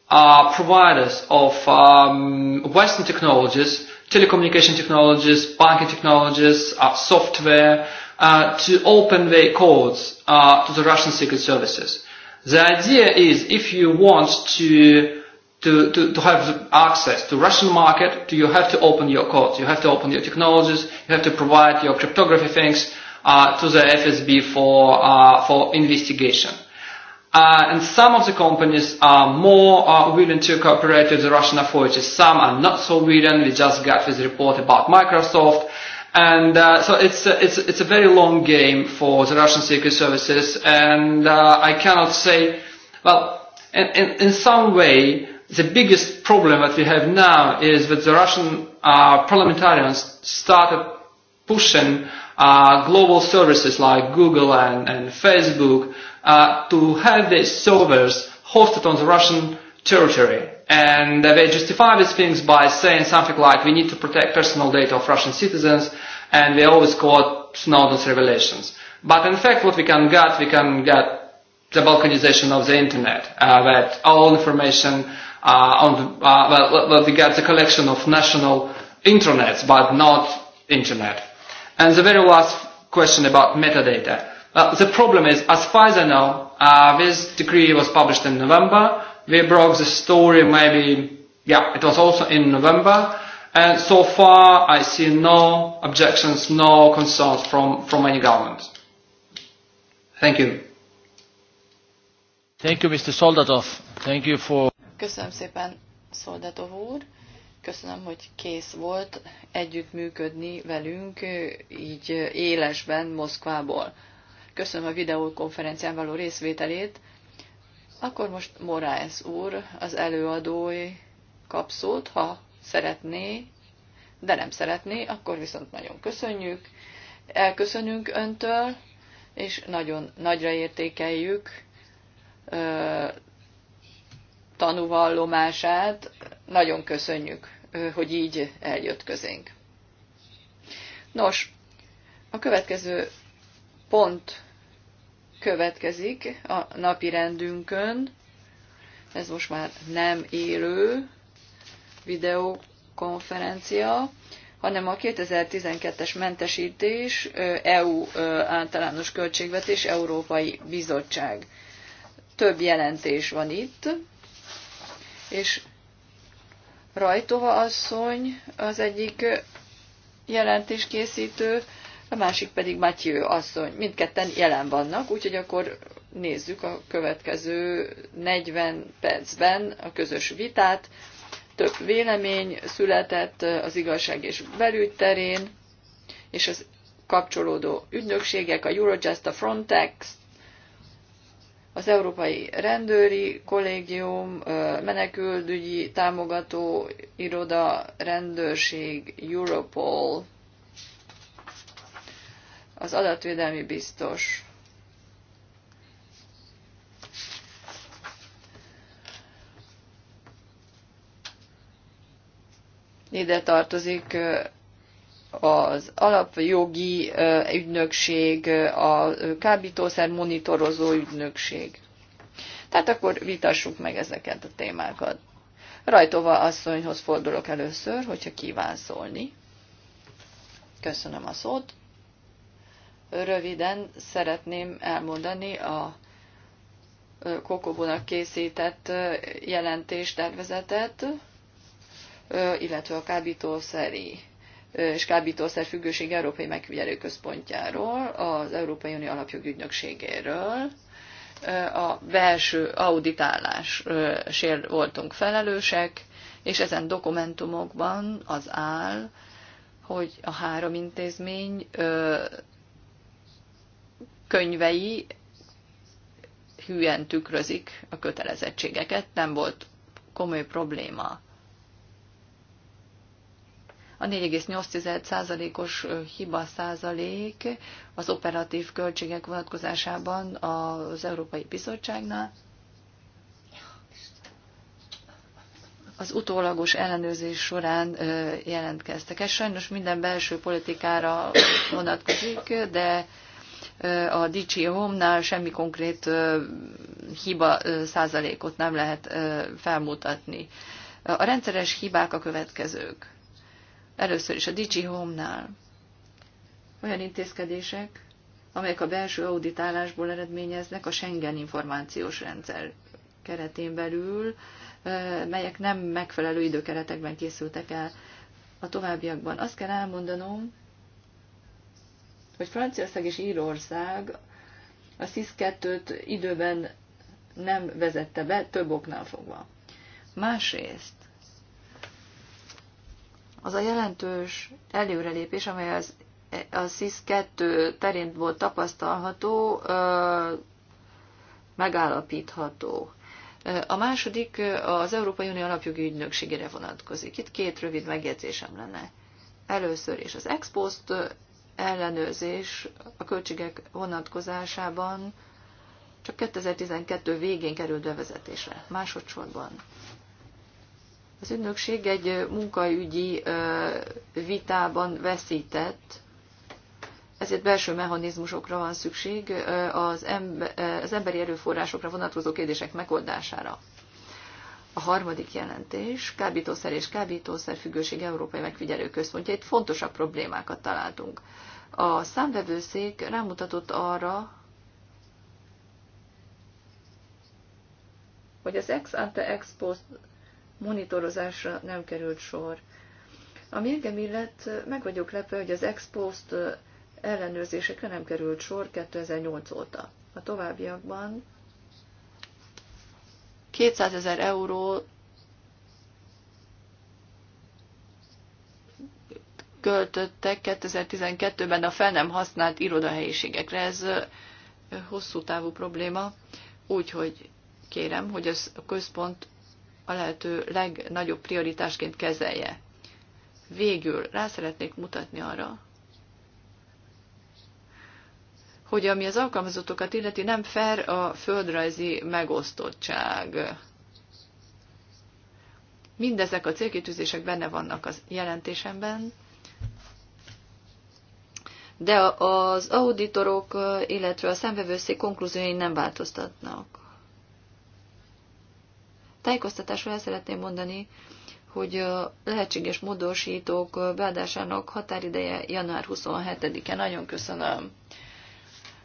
uh, providers of um, Western technologies, telecommunication technologies, banking technologies, uh, software, uh, to open their codes uh, to the Russian secret services. The idea is if you want to to, to, to have access to Russian market, you have to open your codes, you have to open your technologies, you have to provide your cryptography things, uh, to the FSB for, uh, for investigation. Uh, and some of the companies are more uh, willing to cooperate with the Russian authorities. Some are not so willing. We just got this report about Microsoft. And uh, so it's a, it's, it's a very long game for the Russian secret services. And uh, I cannot say, well, in, in, in some way, the biggest problem that we have now is that the Russian uh, parliamentarians started pushing uh, global services like Google and, and Facebook uh, to have these servers hosted on the Russian territory. And they justify these things by saying something like, we need to protect personal data of Russian citizens, and they always quote Snowden's revelations. But in fact, what we can get, we can get the balkanization of the internet, uh, that all information uh, on the, uh, well, well, we get the collection of national internets, but not internet And the very last question about metadata. Well, uh, the problem is, as far as I know, uh, this decree was published in November. We broke the story maybe, yeah, it was also in November. And so far, I see no objections, no concerns from, from any government. Thank you. Thank you, Mr. Soldatov. Thank you for... Köszönöm szépen, Soldatov úr. Köszönöm, hogy kész volt együttműködni velünk így élesben Moszkvából. Köszönöm a videókonferencián való részvételét. Akkor most Moráez úr, az előadói kapszót, ha szeretné, de nem szeretné, akkor viszont nagyon köszönjük. Elköszönünk öntől, és nagyon nagyra értékeljük tanúvallomását. Nagyon köszönjük hogy így eljött közénk. Nos, a következő pont következik a napi rendünkön. Ez most már nem élő videokonferencia, hanem a 2012-es mentesítés EU általános költségvetés Európai Bizottság. Több jelentés van itt, és Rajtova asszony az egyik jelentéskészítő, a másik pedig Matyő asszony. Mindketten jelen vannak, úgyhogy akkor nézzük a következő 40 percben a közös vitát. Több vélemény született az igazság és belügy terén, és az kapcsolódó ügynökségek, a Eurojust, a Frontex, az Európai Rendőri Kollégium, Menekültügyi Támogató Iroda, Rendőrség, Europol, az adatvédelmi biztos. Ide tartozik az alapjogi ügynökség, a kábítószer monitorozó ügynökség. Tehát akkor vitassuk meg ezeket a témákat. Rajtova asszonyhoz fordulok először, hogyha kíván szólni. Köszönöm a szót. Röviden szeretném elmondani a Kokobónak készített jelentéstervezetet, illetve a kábítószeri és kábítószer függőség Európai Megfigyelő Központjáról, az Európai Unió Alapjogi Ügynökségéről. A belső auditálásért voltunk felelősek, és ezen dokumentumokban az áll, hogy a három intézmény könyvei hűen tükrözik a kötelezettségeket, nem volt komoly probléma a 4,8%-os hiba százalék az operatív költségek vonatkozásában az Európai Bizottságnál. Az utólagos ellenőrzés során jelentkeztek. Ez sajnos minden belső politikára vonatkozik, de a Dicsi Home-nál semmi konkrét hiba százalékot nem lehet felmutatni. A rendszeres hibák a következők. Először is a Digi Home-nál. Olyan intézkedések, amelyek a belső auditálásból eredményeznek a Schengen információs rendszer keretén belül, melyek nem megfelelő időkeretekben készültek el a továbbiakban. Azt kell elmondanom, hogy Franciaország és Írország a SIS 2 t időben nem vezette be, több oknál fogva. Másrészt az a jelentős előrelépés, amely az, a SZIS-2 terén volt tapasztalható, megállapítható. A második az Európai Unió alapjogi ügynökségére vonatkozik. Itt két rövid megjegyzésem lenne. Először is az ex ellenőrzés a költségek vonatkozásában csak 2012 végén került bevezetésre. Másodszorban az ügynökség egy munkaügyi vitában veszített, ezért belső mechanizmusokra van szükség az, az emberi erőforrásokra vonatkozó kérdések megoldására. A harmadik jelentés, kábítószer és kábítószer függőség Európai Megfigyelő Központja, itt fontosabb problémákat találtunk. A számvevőszék rámutatott arra, hogy az ex ante ex post monitorozásra nem került sor. A mérgem illet, meg vagyok lepve, hogy az expost ellenőrzésekre nem került sor 2008 óta. A továbbiakban 200 ezer euró költöttek 2012-ben a fel nem használt irodahelyiségekre. Ez hosszú távú probléma, úgyhogy kérem, hogy a központ a lehető legnagyobb prioritásként kezelje. Végül rá szeretnék mutatni arra, hogy ami az alkalmazottokat illeti, nem fair a földrajzi megosztottság. Mindezek a célkitűzések benne vannak az jelentésemben, de az auditorok, illetve a szemvevőszék konklúziói nem változtatnak. Tájékoztatásra el szeretném mondani, hogy a lehetséges módosítók beadásának határideje január 27-e. Nagyon köszönöm.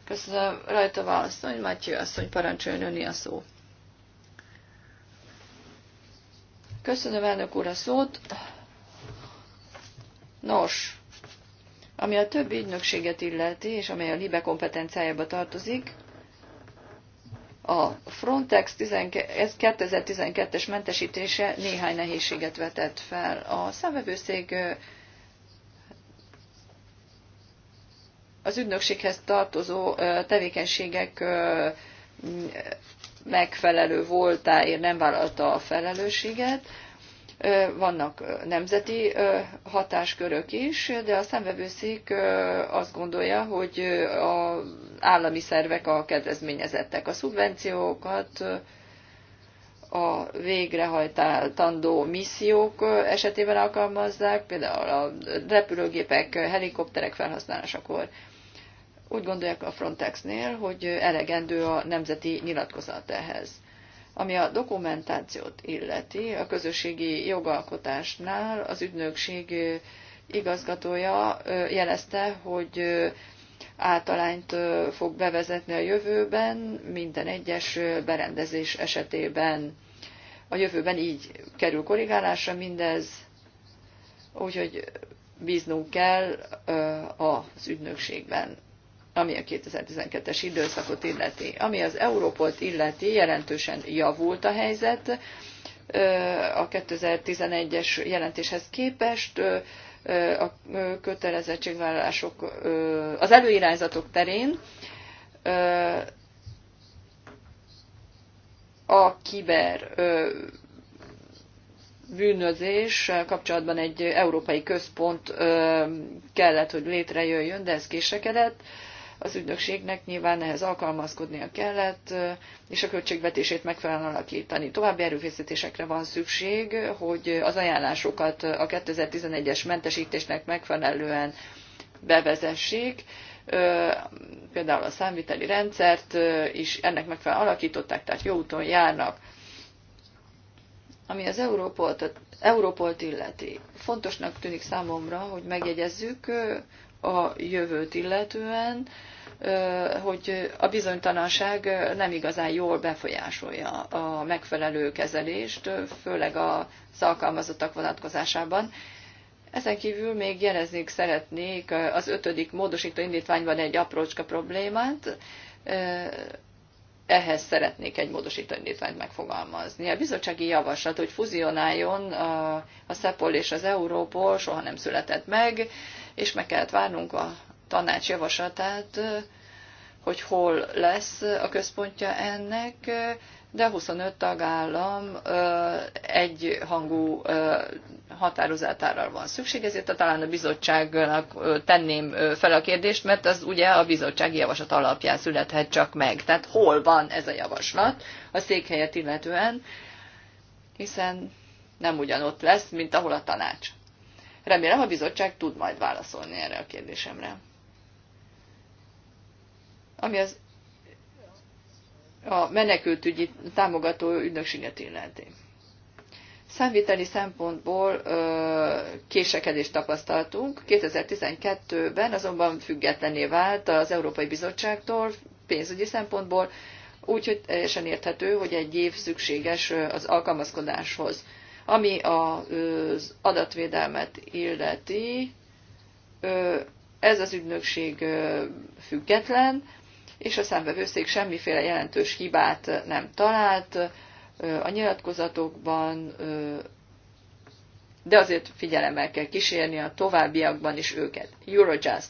Köszönöm rajta válaszolni, Matyi asszony, parancsoljon önni a szó. Köszönöm elnök úr a szót. Nos, ami a többi ügynökséget illeti, és amely a LIBE kompetenciájába tartozik, a Frontex 2012-es mentesítése néhány nehézséget vetett fel. A számvevőszék az ügynökséghez tartozó tevékenységek megfelelő voltáért nem vállalta a felelősséget. Vannak nemzeti hatáskörök is, de a szembevőszék azt gondolja, hogy az állami szervek a kedvezményezettek. A szubvenciókat a végrehajtandó missziók esetében alkalmazzák, például a repülőgépek, helikopterek felhasználásakor. Úgy gondolják a Frontexnél, hogy elegendő a nemzeti nyilatkozat ehhez. Ami a dokumentációt illeti, a közösségi jogalkotásnál az ügynökség igazgatója jelezte, hogy általányt fog bevezetni a jövőben, minden egyes berendezés esetében. A jövőben így kerül korrigálásra mindez, úgyhogy bíznunk kell az ügynökségben ami a 2012-es időszakot illeti. Ami az Európolt illeti, jelentősen javult a helyzet a 2011-es jelentéshez képest a kötelezettségvállalások, az előirányzatok terén a kiber bűnözés kapcsolatban egy európai központ kellett, hogy létrejöjjön, de ez késekedett. Az ügynökségnek nyilván ehhez alkalmazkodnia kellett, és a költségvetését megfelelően alakítani. További erőfeszítésekre van szükség, hogy az ajánlásokat a 2011-es mentesítésnek megfelelően bevezessék, például a számviteli rendszert is ennek megfelelően alakították, tehát jó úton járnak. Ami az Európolt, Európolt illeti, fontosnak tűnik számomra, hogy megjegyezzük, a jövőt illetően, hogy a bizonytalanság nem igazán jól befolyásolja a megfelelő kezelést, főleg az alkalmazottak vonatkozásában. Ezen kívül még jeleznék szeretnék az ötödik módosító indítványban egy aprócska problémát, ehhez szeretnék egy módosító indítványt megfogalmazni. A bizottsági javaslat, hogy fuzionáljon a SZEPOL és az Európol soha nem született meg, és meg kellett várnunk a tanács javaslatát, hogy hol lesz a központja ennek, de 25 tagállam egyhangú határozatára van szükség, ezért talán a bizottságnak tenném fel a kérdést, mert az ugye a bizottsági javaslat alapján születhet csak meg. Tehát hol van ez a javaslat a székhelyet illetően, hiszen nem ugyanott lesz, mint ahol a tanács. Remélem a bizottság tud majd válaszolni erre a kérdésemre. Ami az a menekültügyi támogató ügynökséget illeti. Számviteli szempontból ö, késekedést tapasztaltunk. 2012-ben azonban függetlené vált az Európai Bizottságtól pénzügyi szempontból, úgyhogy teljesen érthető, hogy egy év szükséges az alkalmazkodáshoz. Ami az adatvédelmet illeti, ez az ügynökség független, és a számbevőszék semmiféle jelentős hibát nem talált a nyilatkozatokban, de azért figyelemmel kell kísérni a továbbiakban is őket. Eurojust.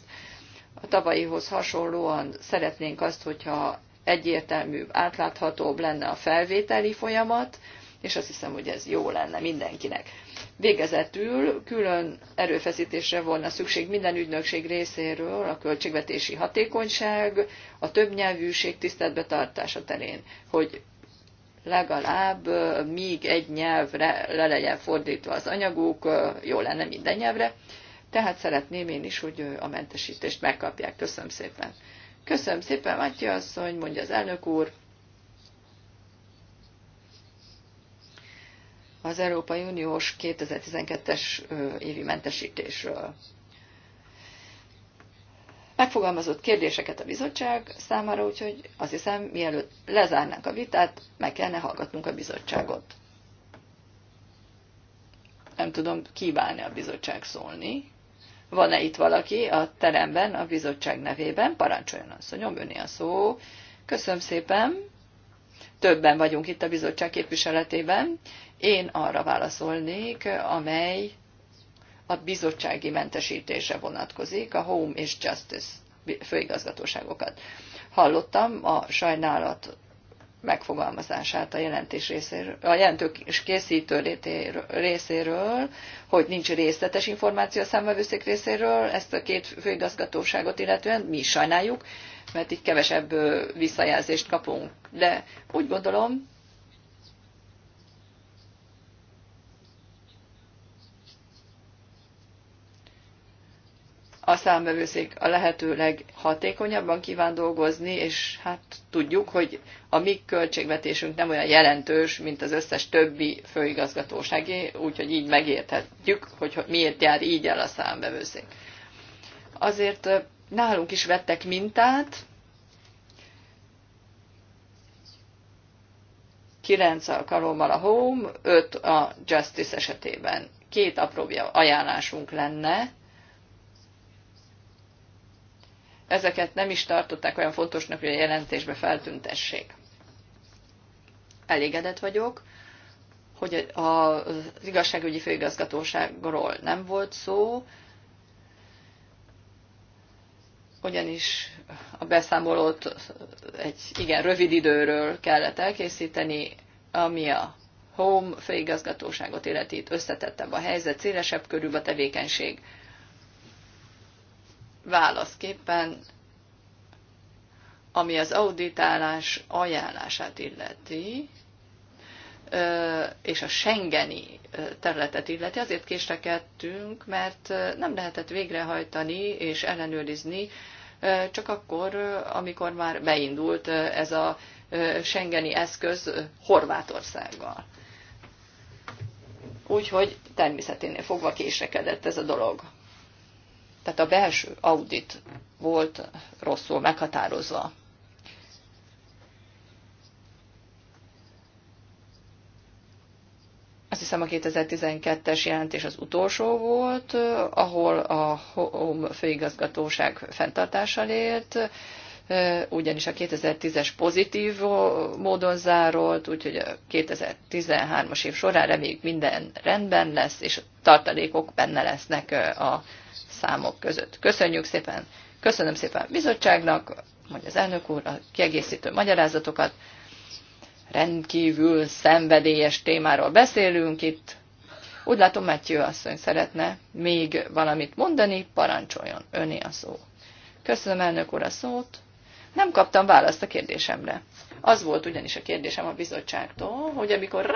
A tavalyihoz hasonlóan szeretnénk azt, hogyha egyértelműbb, átláthatóbb lenne a felvételi folyamat, és azt hiszem, hogy ez jó lenne mindenkinek. Végezetül külön erőfeszítésre volna szükség minden ügynökség részéről a költségvetési hatékonyság, a többnyelvűség tiszteletbetartása terén, hogy legalább míg egy nyelvre le legyen fordítva az anyaguk, jó lenne minden nyelvre. Tehát szeretném én is, hogy a mentesítést megkapják. Köszönöm szépen. Köszönöm szépen, Matyi asszony, mondja az elnök úr. az Európai Uniós 2012-es évi mentesítésről. Megfogalmazott kérdéseket a bizottság számára, úgyhogy azt hiszem, mielőtt lezárnánk a vitát, meg kellene hallgatnunk a bizottságot. Nem tudom, kívánni a bizottság szólni. Van-e itt valaki a teremben, a bizottság nevében? Parancsoljon asszonyom, öné a szó. Köszönöm szépen. Többen vagyunk itt a bizottság képviseletében. Én arra válaszolnék, amely a bizottsági mentesítése vonatkozik, a Home és Justice főigazgatóságokat. Hallottam a sajnálat megfogalmazását a jelentés részéről, a jelentős készítő részéről, hogy nincs részletes információ a számvevőszék részéről, ezt a két főigazgatóságot illetően mi is sajnáljuk, mert így kevesebb visszajelzést kapunk. De úgy gondolom, a számbevőszék a lehető leghatékonyabban kíván dolgozni, és hát tudjuk, hogy a mi költségvetésünk nem olyan jelentős, mint az összes többi főigazgatóságé, úgyhogy így megérthetjük, hogy miért jár így el a számbevőszék. Azért nálunk is vettek mintát, a alkalommal a Home, öt a Justice esetében. Két apróbb ajánlásunk lenne, ezeket nem is tartották olyan fontosnak, hogy a jelentésbe feltüntessék. Elégedett vagyok, hogy az igazságügyi főigazgatóságról nem volt szó, ugyanis a beszámolót egy igen rövid időről kellett elkészíteni, ami a Home főigazgatóságot illeti, itt összetettebb a helyzet, szélesebb körül a tevékenység válaszképpen, ami az auditálás ajánlását illeti, és a Schengeni területet illeti, azért késlekedtünk, mert nem lehetett végrehajtani és ellenőrizni csak akkor, amikor már beindult ez a Schengeni eszköz Horvátországgal. Úgyhogy természeténél fogva késlekedett ez a dolog tehát a belső audit volt rosszul meghatározva. Azt hiszem a 2012-es jelentés az utolsó volt, ahol a HOM főigazgatóság fenntartással élt, ugyanis a 2010-es pozitív módon zárolt, úgyhogy a 2013-as év során reméljük minden rendben lesz, és a tartalékok benne lesznek a számok között. Köszönjük szépen, köszönöm szépen a bizottságnak, mondja az elnök úr, a kiegészítő magyarázatokat. Rendkívül szenvedélyes témáról beszélünk itt. Úgy látom, Mátyő asszony szeretne még valamit mondani, parancsoljon, öné a szó. Köszönöm elnök úr a szót. Nem kaptam választ a kérdésemre. Az volt ugyanis a kérdésem a bizottságtól, hogy amikor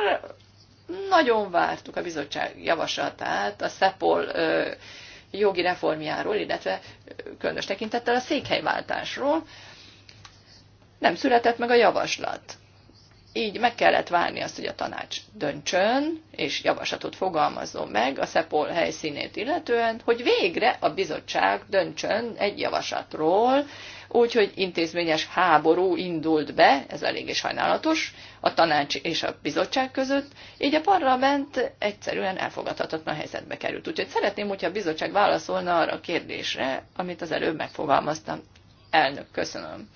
nagyon vártuk a bizottság javaslatát, a SZEPOL jogi reformjáról, illetve különös tekintettel a székhelyváltásról. Nem született meg a javaslat. Így meg kellett várni azt, hogy a tanács döntsön, és javaslatot fogalmazzon meg a Szepol helyszínét illetően, hogy végre a bizottság döntsön egy javaslatról, úgyhogy intézményes háború indult be, ez eléggé sajnálatos, a tanács és a bizottság között, így a parlament egyszerűen elfogadhatatlan helyzetbe került. Úgyhogy szeretném, hogyha a bizottság válaszolna arra a kérdésre, amit az előbb megfogalmaztam. Elnök, köszönöm.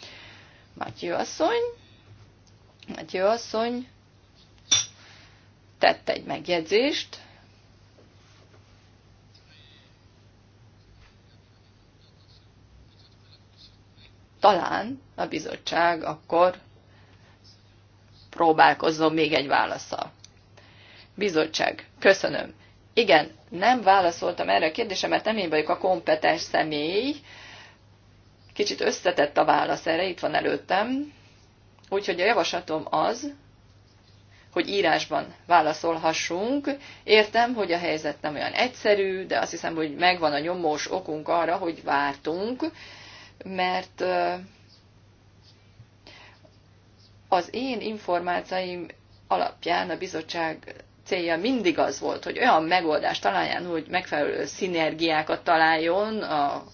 Matyő asszony, Matyő asszony tett egy megjegyzést, talán a bizottság akkor próbálkozzon még egy válaszsal. Bizottság, köszönöm. Igen, nem válaszoltam erre a kérdésre, mert nem én vagyok a kompetens személy. Kicsit összetett a válasz erre, itt van előttem. Úgyhogy a javaslatom az, hogy írásban válaszolhassunk. Értem, hogy a helyzet nem olyan egyszerű, de azt hiszem, hogy megvan a nyomós okunk arra, hogy vártunk, mert az én információim alapján a bizottság célja mindig az volt, hogy olyan megoldást találjon, hogy megfelelő szinergiákat találjon a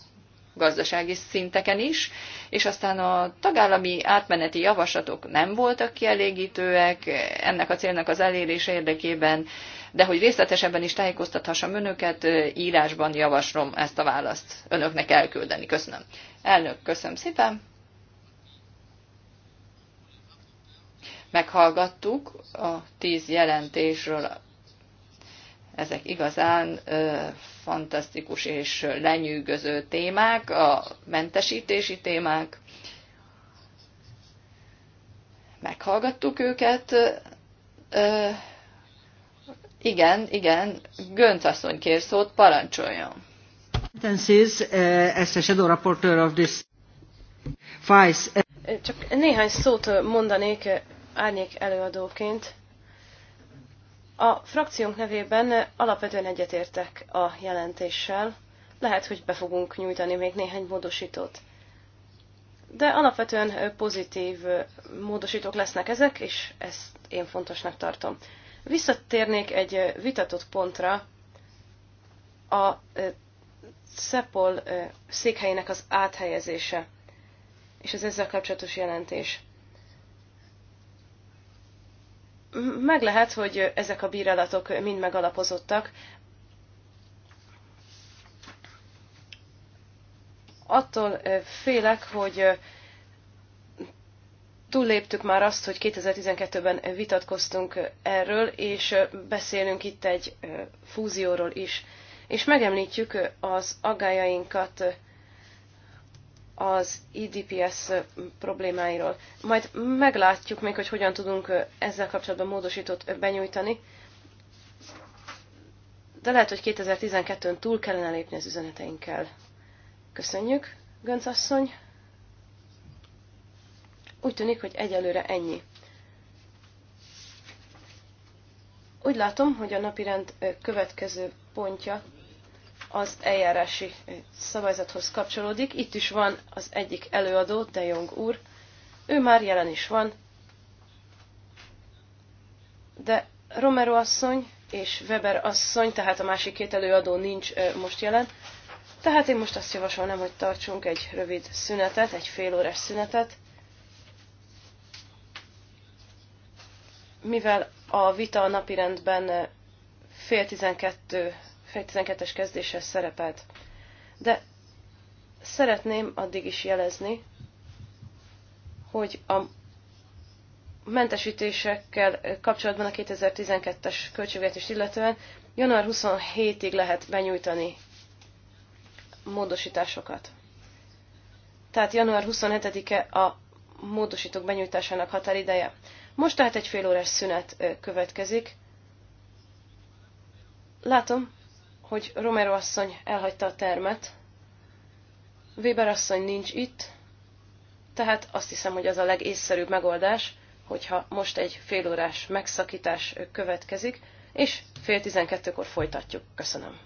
gazdasági szinteken is, és aztán a tagállami átmeneti javaslatok nem voltak kielégítőek ennek a célnak az elérése érdekében, de hogy részletesebben is tájékoztathassam önöket, írásban javaslom ezt a választ önöknek elküldeni. Köszönöm. Elnök, köszönöm szépen. Meghallgattuk a tíz jelentésről. Ezek igazán ö, fantasztikus és lenyűgöző témák, a mentesítési témák. Meghallgattuk őket. Ö, igen, igen, Gönc asszony kér szót, parancsoljon. Eh, eh. Csak néhány szót eh, mondanék árnyék előadóként. A frakciónk nevében alapvetően egyetértek a jelentéssel. Lehet, hogy be fogunk nyújtani még néhány módosítót. De alapvetően pozitív módosítók lesznek ezek, és ezt én fontosnak tartom. Visszatérnék egy vitatott pontra, a szepol székhelyének az áthelyezése, és az ezzel kapcsolatos jelentés. Meg lehet, hogy ezek a bírálatok mind megalapozottak. Attól félek, hogy túlléptük már azt, hogy 2012-ben vitatkoztunk erről, és beszélünk itt egy fúzióról is. És megemlítjük az aggájainkat az IDPS problémáiról. Majd meglátjuk még, hogy hogyan tudunk ezzel kapcsolatban módosítót benyújtani, de lehet, hogy 2012-ön túl kellene lépni az üzeneteinkkel. Köszönjük, Gönc asszony! Úgy tűnik, hogy egyelőre ennyi. Úgy látom, hogy a napirend következő pontja az eljárási szabályzathoz kapcsolódik. Itt is van az egyik előadó, De Jong úr. Ő már jelen is van. De Romero asszony és Weber asszony, tehát a másik két előadó nincs most jelen. Tehát én most azt javasolnám, hogy tartsunk egy rövid szünetet, egy fél órás szünetet, mivel a vita a napirendben fél, tizenkettő fél tizenkettes es kezdéssel szerepelt. De szeretném addig is jelezni, hogy a mentesítésekkel kapcsolatban a 2012-es költségvetést illetően január 27-ig lehet benyújtani módosításokat. Tehát január 27-e a módosítók benyújtásának határideje. Most tehát egy fél órás szünet következik. Látom, hogy Romero asszony elhagyta a termet. Weber asszony nincs itt, tehát azt hiszem, hogy az a legészszerűbb megoldás, hogyha most egy fél órás megszakítás következik, és fél tizenkettőkor folytatjuk. Köszönöm.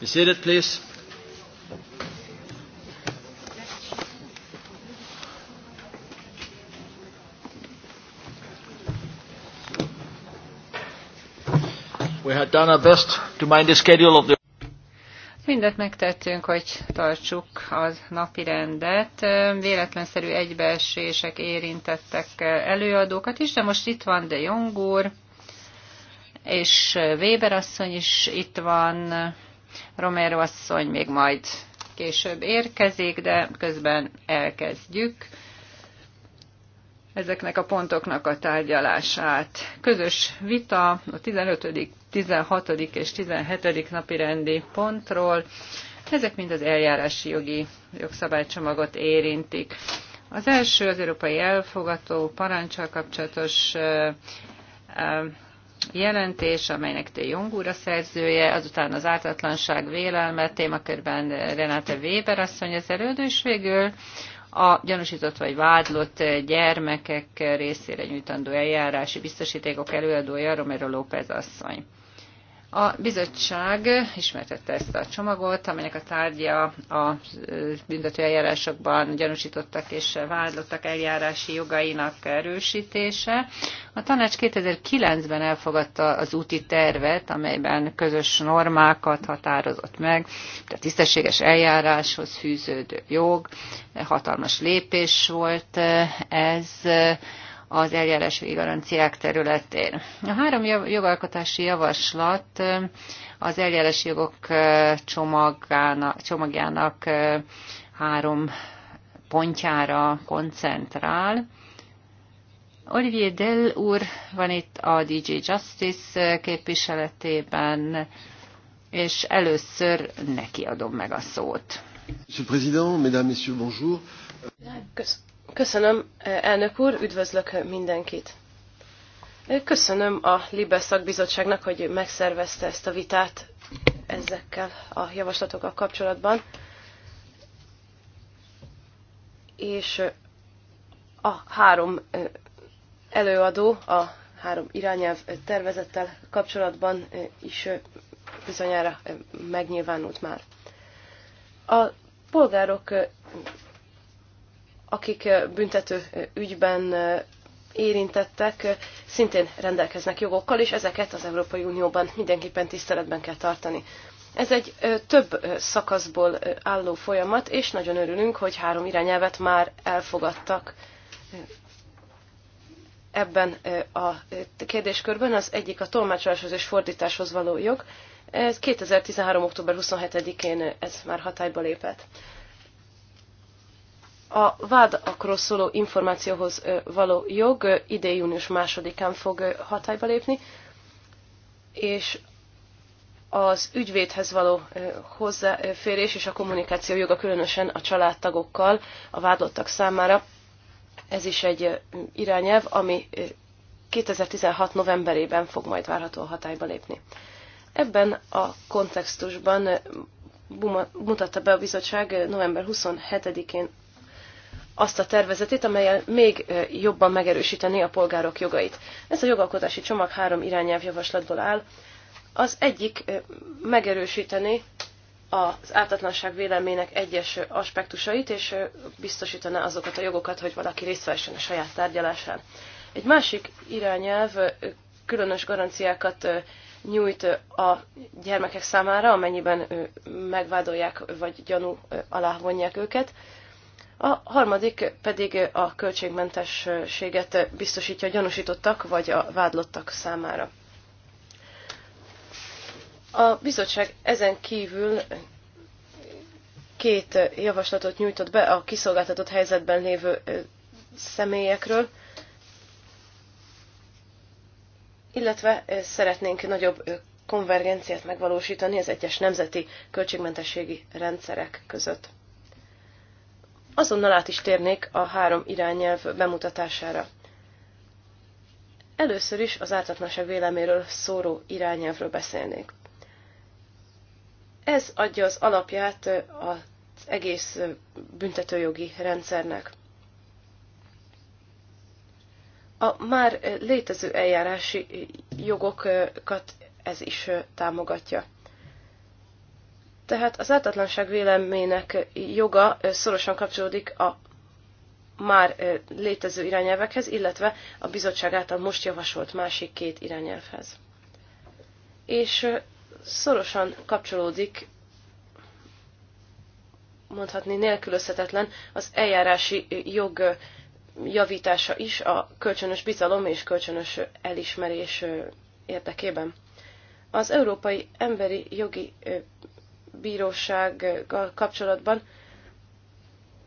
Be seated, please. We had done our best to mind the schedule of the megtettünk, hogy tartsuk az napi rendet. Véletlenszerű egybeesések érintettek előadókat is, de most itt van de Jong úr, és Weber asszony is itt van Romero asszony még majd később érkezik, de közben elkezdjük ezeknek a pontoknak a tárgyalását. Közös vita a 15., 16. és 17. napi rendi pontról. Ezek mind az eljárási jogi jogszabálycsomagot érintik. Az első az európai elfogató parancsal kapcsolatos jelentés, amelynek te Jong úr a szerzője, azután az ártatlanság vélelme témakörben Renate Weber asszony az elődő, és végül a gyanúsított vagy vádlott gyermekek részére nyújtandó eljárási biztosítékok előadója Romero López asszony. A bizottság ismertette ezt a csomagot, amelynek a tárgya a büntetőeljárásokban gyanúsítottak és vádlottak eljárási jogainak erősítése. A tanács 2009-ben elfogadta az úti tervet, amelyben közös normákat határozott meg, tehát tisztességes eljáráshoz fűződő jog, hatalmas lépés volt ez, az eljárási garanciák területén. A három jogalkotási javaslat az eljárási jogok csomagának, csomagjának három pontjára koncentrál. Olivier Dell úr van itt a DJ Justice képviseletében, és először neki adom meg a szót. Monsieur le Président, Mesdames, Messieurs, bonjour. Köszönöm. Köszönöm, elnök úr, üdvözlök mindenkit. Köszönöm a Libes szakbizottságnak, hogy megszervezte ezt a vitát ezekkel a javaslatokkal kapcsolatban. És a három előadó a három irányelv tervezettel kapcsolatban is bizonyára megnyilvánult már. A polgárok akik büntető ügyben érintettek, szintén rendelkeznek jogokkal, és ezeket az Európai Unióban mindenképpen tiszteletben kell tartani. Ez egy több szakaszból álló folyamat, és nagyon örülünk, hogy három irányelvet már elfogadtak ebben a kérdéskörben. Az egyik a tolmácsoláshoz és fordításhoz való jog. Ez 2013. október 27-én ez már hatályba lépett. A vádakról szóló információhoz való jog idén június másodikán fog hatályba lépni, és az ügyvédhez való hozzáférés és a kommunikáció joga különösen a családtagokkal, a vádlottak számára. Ez is egy irányelv, ami 2016. novemberében fog majd várható hatályba lépni. Ebben a kontextusban mutatta be a bizottság november 27-én azt a tervezetét, amelyel még jobban megerősíteni a polgárok jogait. Ez a jogalkotási csomag három irányelvjavaslatból áll. Az egyik megerősíteni az ártatlanság vélemének egyes aspektusait, és biztosítana azokat a jogokat, hogy valaki részt vehessen a saját tárgyalásán. Egy másik irányelv különös garanciákat nyújt a gyermekek számára, amennyiben megvádolják vagy gyanú alá vonják őket a harmadik pedig a költségmentességet biztosítja a gyanúsítottak vagy a vádlottak számára. A bizottság ezen kívül két javaslatot nyújtott be a kiszolgáltatott helyzetben lévő személyekről, illetve szeretnénk nagyobb konvergenciát megvalósítani az egyes nemzeti költségmentességi rendszerek között azonnal át is térnék a három irányelv bemutatására. Először is az ártatlanság véleméről szóró irányelvről beszélnék. Ez adja az alapját az egész büntetőjogi rendszernek. A már létező eljárási jogokat ez is támogatja. Tehát az ártatlanság vélemének joga szorosan kapcsolódik a már létező irányelvekhez, illetve a bizottság által most javasolt másik két irányelvhez. És szorosan kapcsolódik, mondhatni nélkülözhetetlen, az eljárási jog javítása is a kölcsönös bizalom és kölcsönös elismerés érdekében. Az Európai Emberi Jogi bírósággal kapcsolatban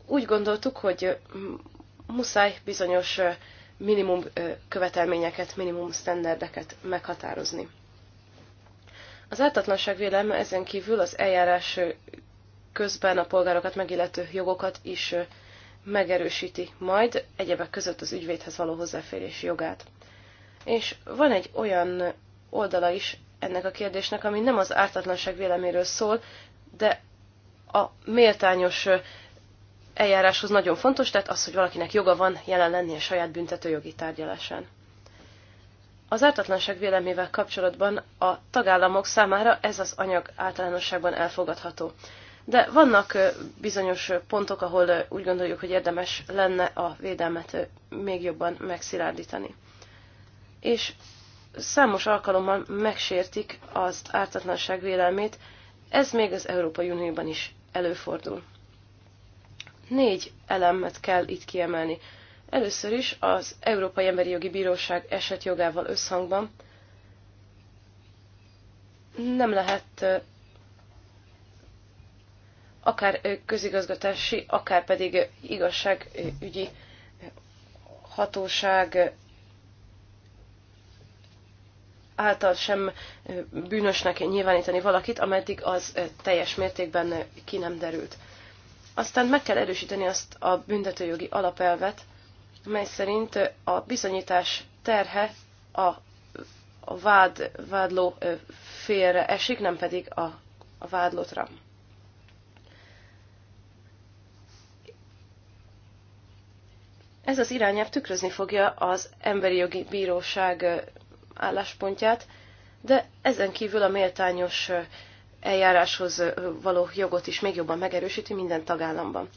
úgy gondoltuk, hogy muszáj bizonyos minimum követelményeket, minimum sztenderdeket meghatározni. Az ártatlanság vélelme ezen kívül az eljárás közben a polgárokat megillető jogokat is megerősíti majd, egyebek között az ügyvédhez való hozzáférés jogát. És van egy olyan oldala is ennek a kérdésnek, ami nem az ártatlanság véleméről szól, de a méltányos eljáráshoz nagyon fontos, tehát az, hogy valakinek joga van jelen lenni a saját büntetőjogi tárgyalásán. Az ártatlanság vélemével kapcsolatban a tagállamok számára ez az anyag általánosságban elfogadható. De vannak bizonyos pontok, ahol úgy gondoljuk, hogy érdemes lenne a védelmet még jobban megszilárdítani. És számos alkalommal megsértik az ártatlanság vélelmét, ez még az Európai Unióban is előfordul. Négy elemet kell itt kiemelni. Először is az Európai Emberi Jogi Bíróság esetjogával összhangban nem lehet akár közigazgatási, akár pedig igazságügyi hatóság által sem bűnösnek nyilvánítani valakit, ameddig az teljes mértékben ki nem derült. Aztán meg kell erősíteni azt a büntetőjogi alapelvet, mely szerint a bizonyítás terhe a, a vád, vádló félre esik, nem pedig a, a vádlotra. Ez az irányelv tükrözni fogja az Emberi Jogi Bíróság álláspontját, de ezen kívül a méltányos eljáráshoz való jogot is még jobban megerősíti minden tagállamban.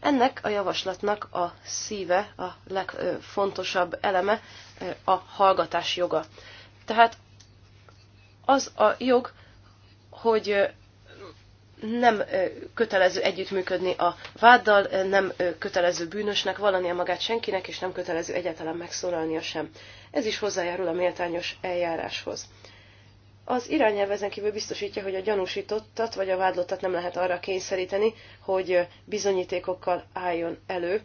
Ennek a javaslatnak a szíve, a legfontosabb eleme a hallgatás joga. Tehát az a jog, hogy nem kötelező együttműködni a váddal, nem kötelező bűnösnek a magát senkinek, és nem kötelező egyáltalán megszólalnia sem. Ez is hozzájárul a méltányos eljáráshoz. Az irányelv ezen kívül biztosítja, hogy a gyanúsítottat vagy a vádlottat nem lehet arra kényszeríteni, hogy bizonyítékokkal álljon elő,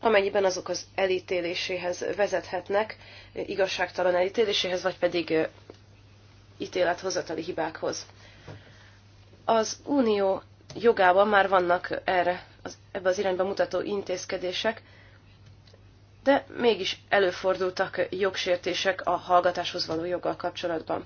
amennyiben azok az elítéléséhez vezethetnek, igazságtalan elítéléséhez, vagy pedig ítélethozatali hibákhoz. Az unió jogában már vannak erre, az, ebbe az irányba mutató intézkedések, de mégis előfordultak jogsértések a hallgatáshoz való joggal kapcsolatban.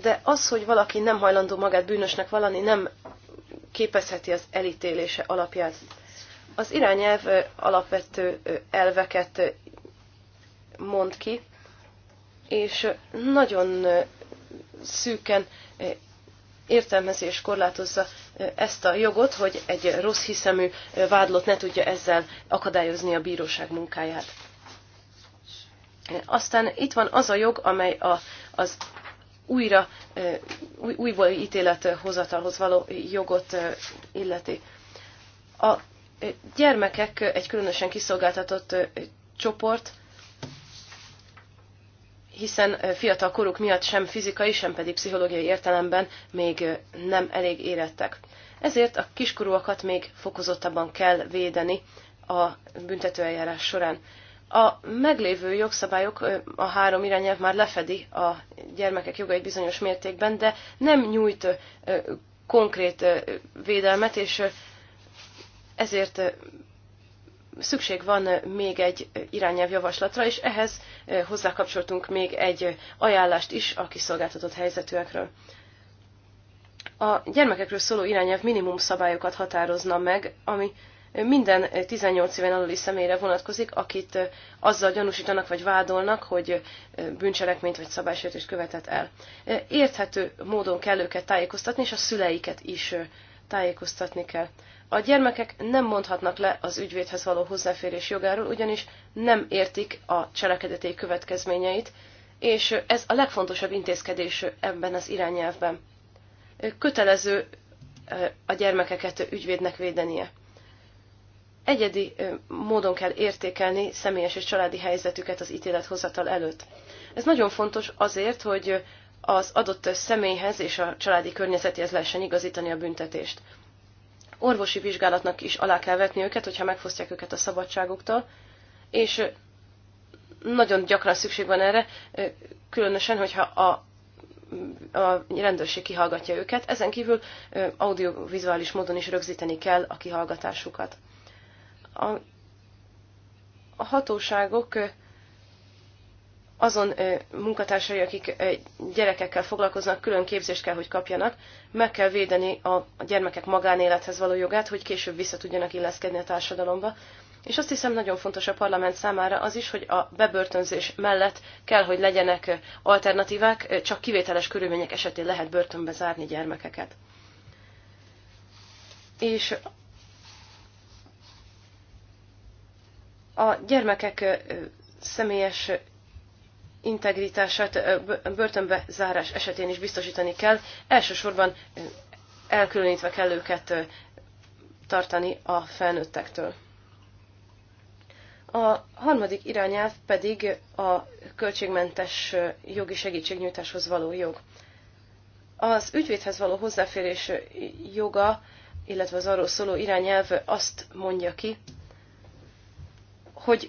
De az, hogy valaki nem hajlandó magát bűnösnek valani, nem képezheti az elítélése alapját. Az irányelv alapvető elveket mond ki, és nagyon szűken értelmezés korlátozza ezt a jogot, hogy egy rossz hiszemű vádlott ne tudja ezzel akadályozni a bíróság munkáját. Aztán itt van az a jog, amely a, az újra, új, újból ítélet hozatalhoz való jogot illeti. A gyermekek egy különösen kiszolgáltatott csoport, hiszen fiatal koruk miatt sem fizikai, sem pedig pszichológiai értelemben még nem elég érettek. Ezért a kiskorúakat még fokozottabban kell védeni a büntetőeljárás során. A meglévő jogszabályok, a három irányelv már lefedi a gyermekek jogait bizonyos mértékben, de nem nyújt konkrét védelmet, és ezért szükség van még egy irányelvjavaslatra, és ehhez eh, hozzákapcsoltunk még egy ajánlást is a kiszolgáltatott helyzetűekről. A gyermekekről szóló irányelv minimum szabályokat határozna meg, ami minden 18 éven aluli személyre vonatkozik, akit eh, azzal gyanúsítanak vagy vádolnak, hogy eh, bűncselekményt vagy szabálysértést követett el. Érthető módon kell őket tájékoztatni, és a szüleiket is tájékoztatni kell. A gyermekek nem mondhatnak le az ügyvédhez való hozzáférés jogáról, ugyanis nem értik a cselekedeték következményeit, és ez a legfontosabb intézkedés ebben az irányelvben. Kötelező a gyermekeket ügyvédnek védenie. Egyedi módon kell értékelni személyes és családi helyzetüket az ítélethozatal előtt. Ez nagyon fontos azért, hogy az adott személyhez és a családi környezetéhez lehessen igazítani a büntetést orvosi vizsgálatnak is alá kell vetni őket, hogyha megfosztják őket a szabadságuktól, és nagyon gyakran szükség van erre, különösen, hogyha a, a rendőrség kihallgatja őket, ezen kívül audiovizuális módon is rögzíteni kell a kihallgatásukat. A, a hatóságok azon munkatársai, akik gyerekekkel foglalkoznak, külön képzést kell, hogy kapjanak, meg kell védeni a gyermekek magánélethez való jogát, hogy később vissza tudjanak illeszkedni a társadalomba. És azt hiszem nagyon fontos a parlament számára az is, hogy a bebörtönzés mellett kell, hogy legyenek alternatívák, csak kivételes körülmények esetén lehet börtönbe zárni gyermekeket. És a gyermekek személyes integritását börtönbe zárás esetén is biztosítani kell. Elsősorban elkülönítve kell őket tartani a felnőttektől. A harmadik irányelv pedig a költségmentes jogi segítségnyújtáshoz való jog. Az ügyvédhez való hozzáférés joga, illetve az arról szóló irányelv azt mondja ki, hogy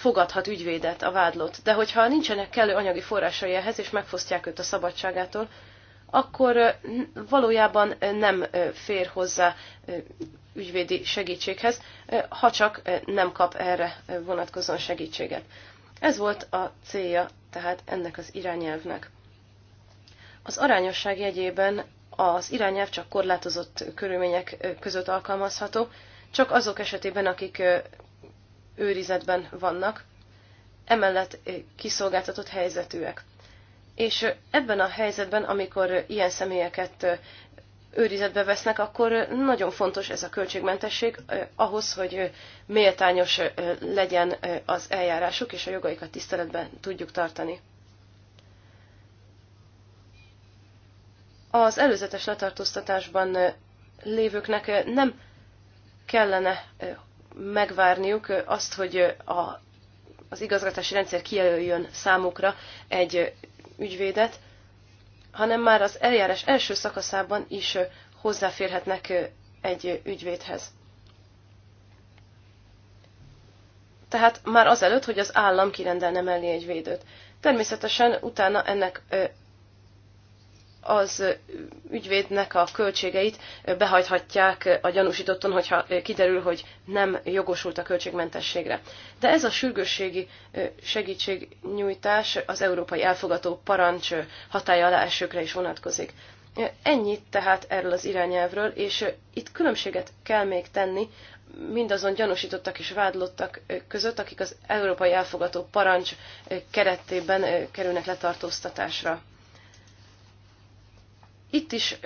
fogadhat ügyvédet a vádlott, de hogyha nincsenek kellő anyagi forrásai ehhez, és megfosztják őt a szabadságától, akkor valójában nem fér hozzá ügyvédi segítséghez, ha csak nem kap erre vonatkozóan segítséget. Ez volt a célja tehát ennek az irányelvnek. Az arányosság jegyében az irányelv csak korlátozott körülmények között alkalmazható, csak azok esetében, akik őrizetben vannak, emellett eh, kiszolgáltatott helyzetűek. És eh, ebben a helyzetben, amikor eh, ilyen személyeket őrizetbe vesznek, akkor nagyon fontos ez a költségmentesség ahhoz, hogy méltányos legyen az eljárásuk, és a jogaikat tiszteletben tudjuk tartani. Az előzetes letartóztatásban lévőknek nem kellene megvárniuk azt, hogy a, az igazgatási rendszer kijelöljön számukra egy ügyvédet, hanem már az eljárás első szakaszában is hozzáférhetnek egy ügyvédhez. Tehát már azelőtt, hogy az állam kirendelne mellé egy védőt. Természetesen utána ennek az ügyvédnek a költségeit behajthatják a gyanúsítotton, hogyha kiderül, hogy nem jogosult a költségmentességre. De ez a sürgősségi segítségnyújtás az európai elfogató parancs hatája alá esőkre is vonatkozik. Ennyit tehát erről az irányelvről, és itt különbséget kell még tenni mindazon gyanúsítottak és vádlottak között, akik az európai elfogató parancs keretében kerülnek letartóztatásra itt is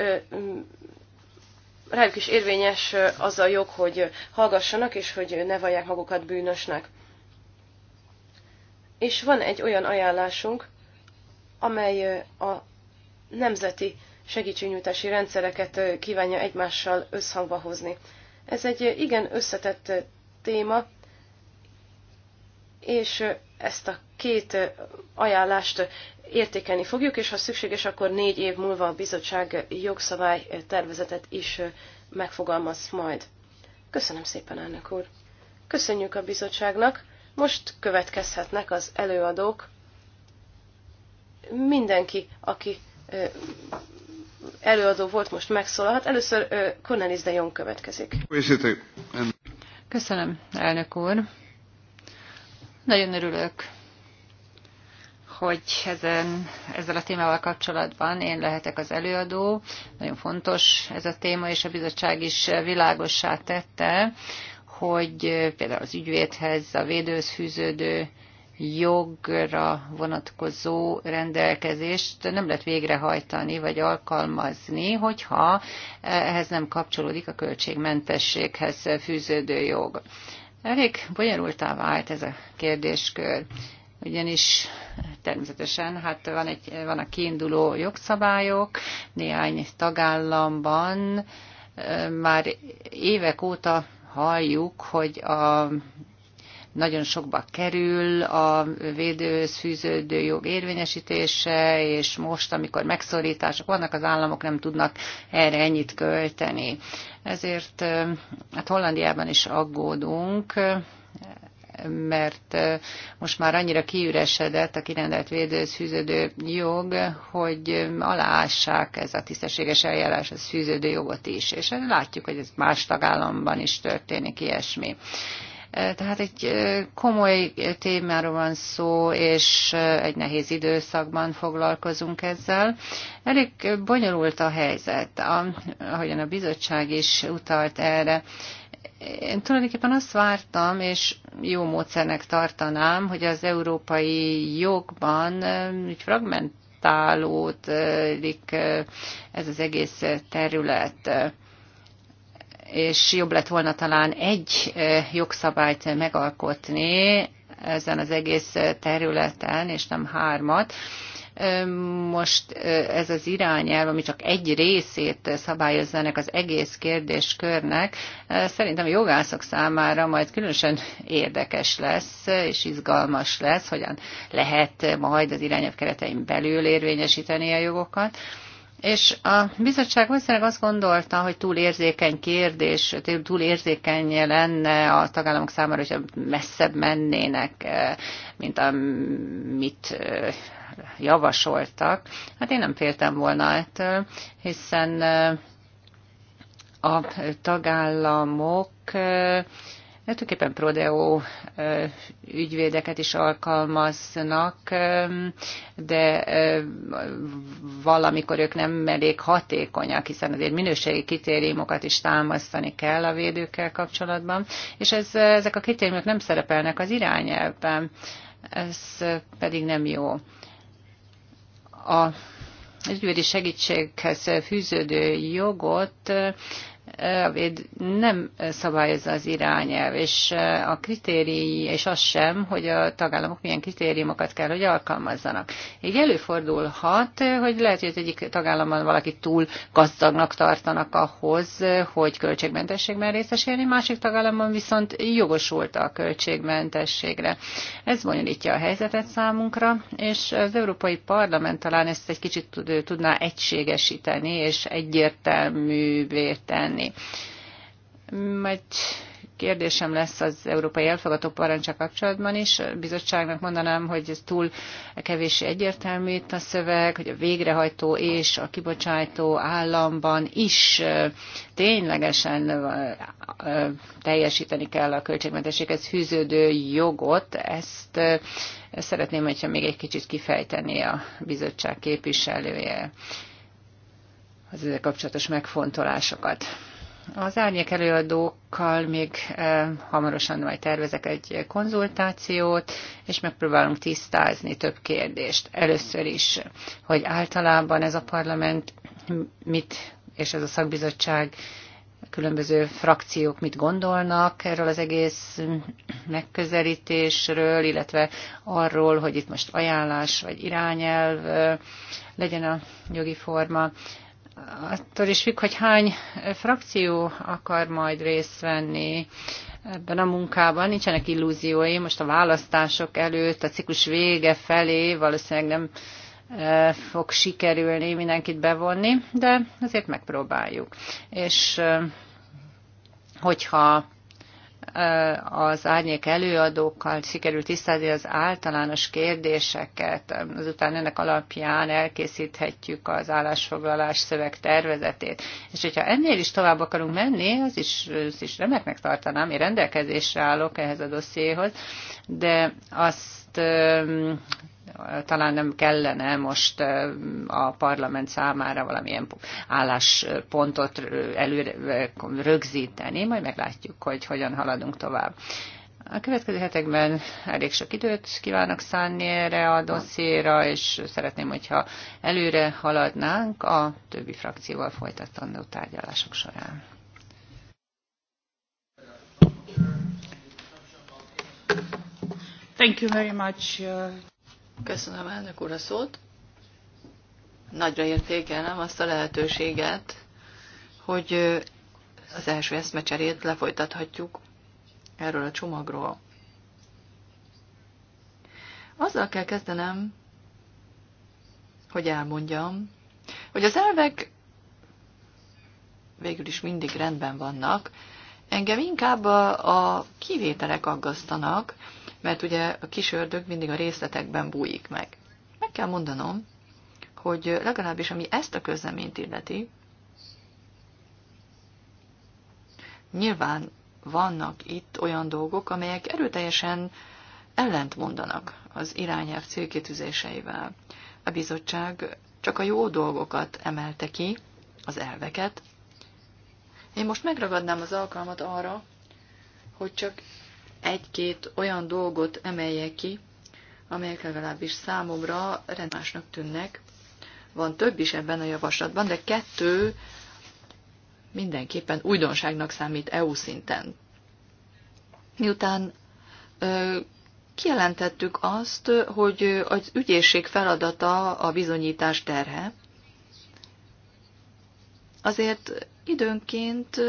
rájuk is érvényes az a jog, hogy hallgassanak, és hogy ne vallják magukat bűnösnek. És van egy olyan ajánlásunk, amely a nemzeti segítségnyújtási rendszereket kívánja egymással összhangba hozni. Ez egy igen összetett téma, és ezt a két ajánlást értékelni fogjuk, és ha szükséges, akkor négy év múlva a bizottság jogszabály tervezetet is megfogalmaz majd. Köszönöm szépen, elnök úr! Köszönjük a bizottságnak! Most következhetnek az előadók. Mindenki, aki előadó volt, most megszólalhat. Először Cornelis de Jong következik. Köszönöm, elnök úr! Nagyon örülök, hogy ezen, ezzel a témával kapcsolatban én lehetek az előadó. Nagyon fontos ez a téma, és a bizottság is világossá tette, hogy például az ügyvédhez, a védőhöz fűződő jogra vonatkozó rendelkezést nem lehet végrehajtani vagy alkalmazni, hogyha ehhez nem kapcsolódik a költségmentességhez fűződő jog. Elég bonyolultá vált ez a kérdéskör, ugyanis természetesen hát van egy, van a kiinduló jogszabályok, néhány tagállamban már évek óta halljuk, hogy a nagyon sokba kerül a védőhöz fűződő jog érvényesítése, és most, amikor megszorítások vannak, az államok nem tudnak erre ennyit költeni. Ezért hát Hollandiában is aggódunk, mert most már annyira kiüresedett a kirendelt fűződő jog, hogy aláássák ez a tisztességes eljárás, a fűződő jogot is. És látjuk, hogy ez más tagállamban is történik ilyesmi. Tehát egy komoly témáról van szó, és egy nehéz időszakban foglalkozunk ezzel. Elég bonyolult a helyzet, ahogyan a bizottság is utalt erre én tulajdonképpen azt vártam, és jó módszernek tartanám, hogy az európai jogban úgy fragmentálódik ez az egész terület és jobb lett volna talán egy jogszabályt megalkotni ezen az egész területen, és nem hármat. Most ez az irányelv, ami csak egy részét szabályozza ennek az egész kérdéskörnek, szerintem a jogászok számára majd különösen érdekes lesz, és izgalmas lesz, hogyan lehet majd az irányelv keretein belül érvényesíteni a jogokat. És a bizottság valószínűleg azt gondolta, hogy túl érzékeny kérdés, túl érzékeny lenne a tagállamok számára, hogyha messzebb mennének, eh, mint amit eh, javasoltak. Hát én nem féltem volna ettől, hiszen eh, a tagállamok tulajdonképpen Prodeo ügyvédeket is alkalmaznak, de valamikor ők nem elég hatékonyak, hiszen azért minőségi kritériumokat is támasztani kell a védőkkel kapcsolatban, és ez, ezek a kritériumok nem szerepelnek az irányelvben, ez pedig nem jó. A ügyvédi segítséghez fűződő jogot nem szabályozza az irányelv, és a kritéri, és az sem, hogy a tagállamok milyen kritériumokat kell, hogy alkalmazzanak. Így előfordulhat, hogy lehet, hogy az egyik tagállamban valaki túl gazdagnak tartanak ahhoz, hogy költségmentességben részesülni, másik tagállamban viszont jogosult a költségmentességre. Ez bonyolítja a helyzetet számunkra, és az Európai Parlament talán ezt egy kicsit tudná egységesíteni, és egyértelművé tenni tenni. Majd kérdésem lesz az európai elfogadó parancsa kapcsolatban is. A bizottságnak mondanám, hogy ez túl kevés egyértelmű itt a szöveg, hogy a végrehajtó és a kibocsátó államban is ténylegesen teljesíteni kell a költségmentességhez fűződő jogot. Ezt szeretném, hogyha még egy kicsit kifejteni a bizottság képviselője az ezzel kapcsolatos megfontolásokat. Az árnyék előadókkal még e, hamarosan majd tervezek egy konzultációt, és megpróbálunk tisztázni több kérdést. Először is, hogy általában ez a parlament mit, és ez a szakbizottság különböző frakciók mit gondolnak erről az egész megközelítésről, illetve arról, hogy itt most ajánlás vagy irányelv eh, legyen a jogi forma, attól is függ, hogy hány frakció akar majd részt venni ebben a munkában. Nincsenek illúziói, most a választások előtt, a ciklus vége felé valószínűleg nem e, fog sikerülni mindenkit bevonni, de azért megpróbáljuk. És e, hogyha az árnyék előadókkal sikerült tisztázni az általános kérdéseket, azután ennek alapján elkészíthetjük az állásfoglalás szöveg tervezetét. És hogyha ennél is tovább akarunk menni, az is, az is remeknek tartanám, én rendelkezésre állok ehhez a dossziéhoz, de azt talán nem kellene most a parlament számára valamilyen álláspontot előre rögzíteni, majd meglátjuk, hogy hogyan haladunk tovább. A következő hetekben elég sok időt kívánok szánni erre a dossziéra, és szeretném, hogyha előre haladnánk a többi frakcióval folytatandó tárgyalások során. Thank you very much. Uh, Köszönöm elnök úr a szót. Nagyra értékelem azt a lehetőséget, hogy az első eszmecserét lefolytathatjuk erről a csomagról. Azzal kell kezdenem, hogy elmondjam, hogy az elvek végül is mindig rendben vannak, engem inkább a, a kivételek aggasztanak, mert ugye a kis ördög mindig a részletekben bújik meg. Meg kell mondanom, hogy legalábbis ami ezt a közleményt illeti, nyilván vannak itt olyan dolgok, amelyek erőteljesen ellent mondanak az irányelv célkitűzéseivel. A bizottság csak a jó dolgokat emelte ki, az elveket. Én most megragadnám az alkalmat arra, hogy csak egy-két olyan dolgot emelje ki, amelyek legalábbis számomra rendmásnak tűnnek. Van több is ebben a javaslatban, de kettő mindenképpen újdonságnak számít EU szinten. Miután ö, kijelentettük azt, hogy az ügyészség feladata a bizonyítás terhe, azért időnként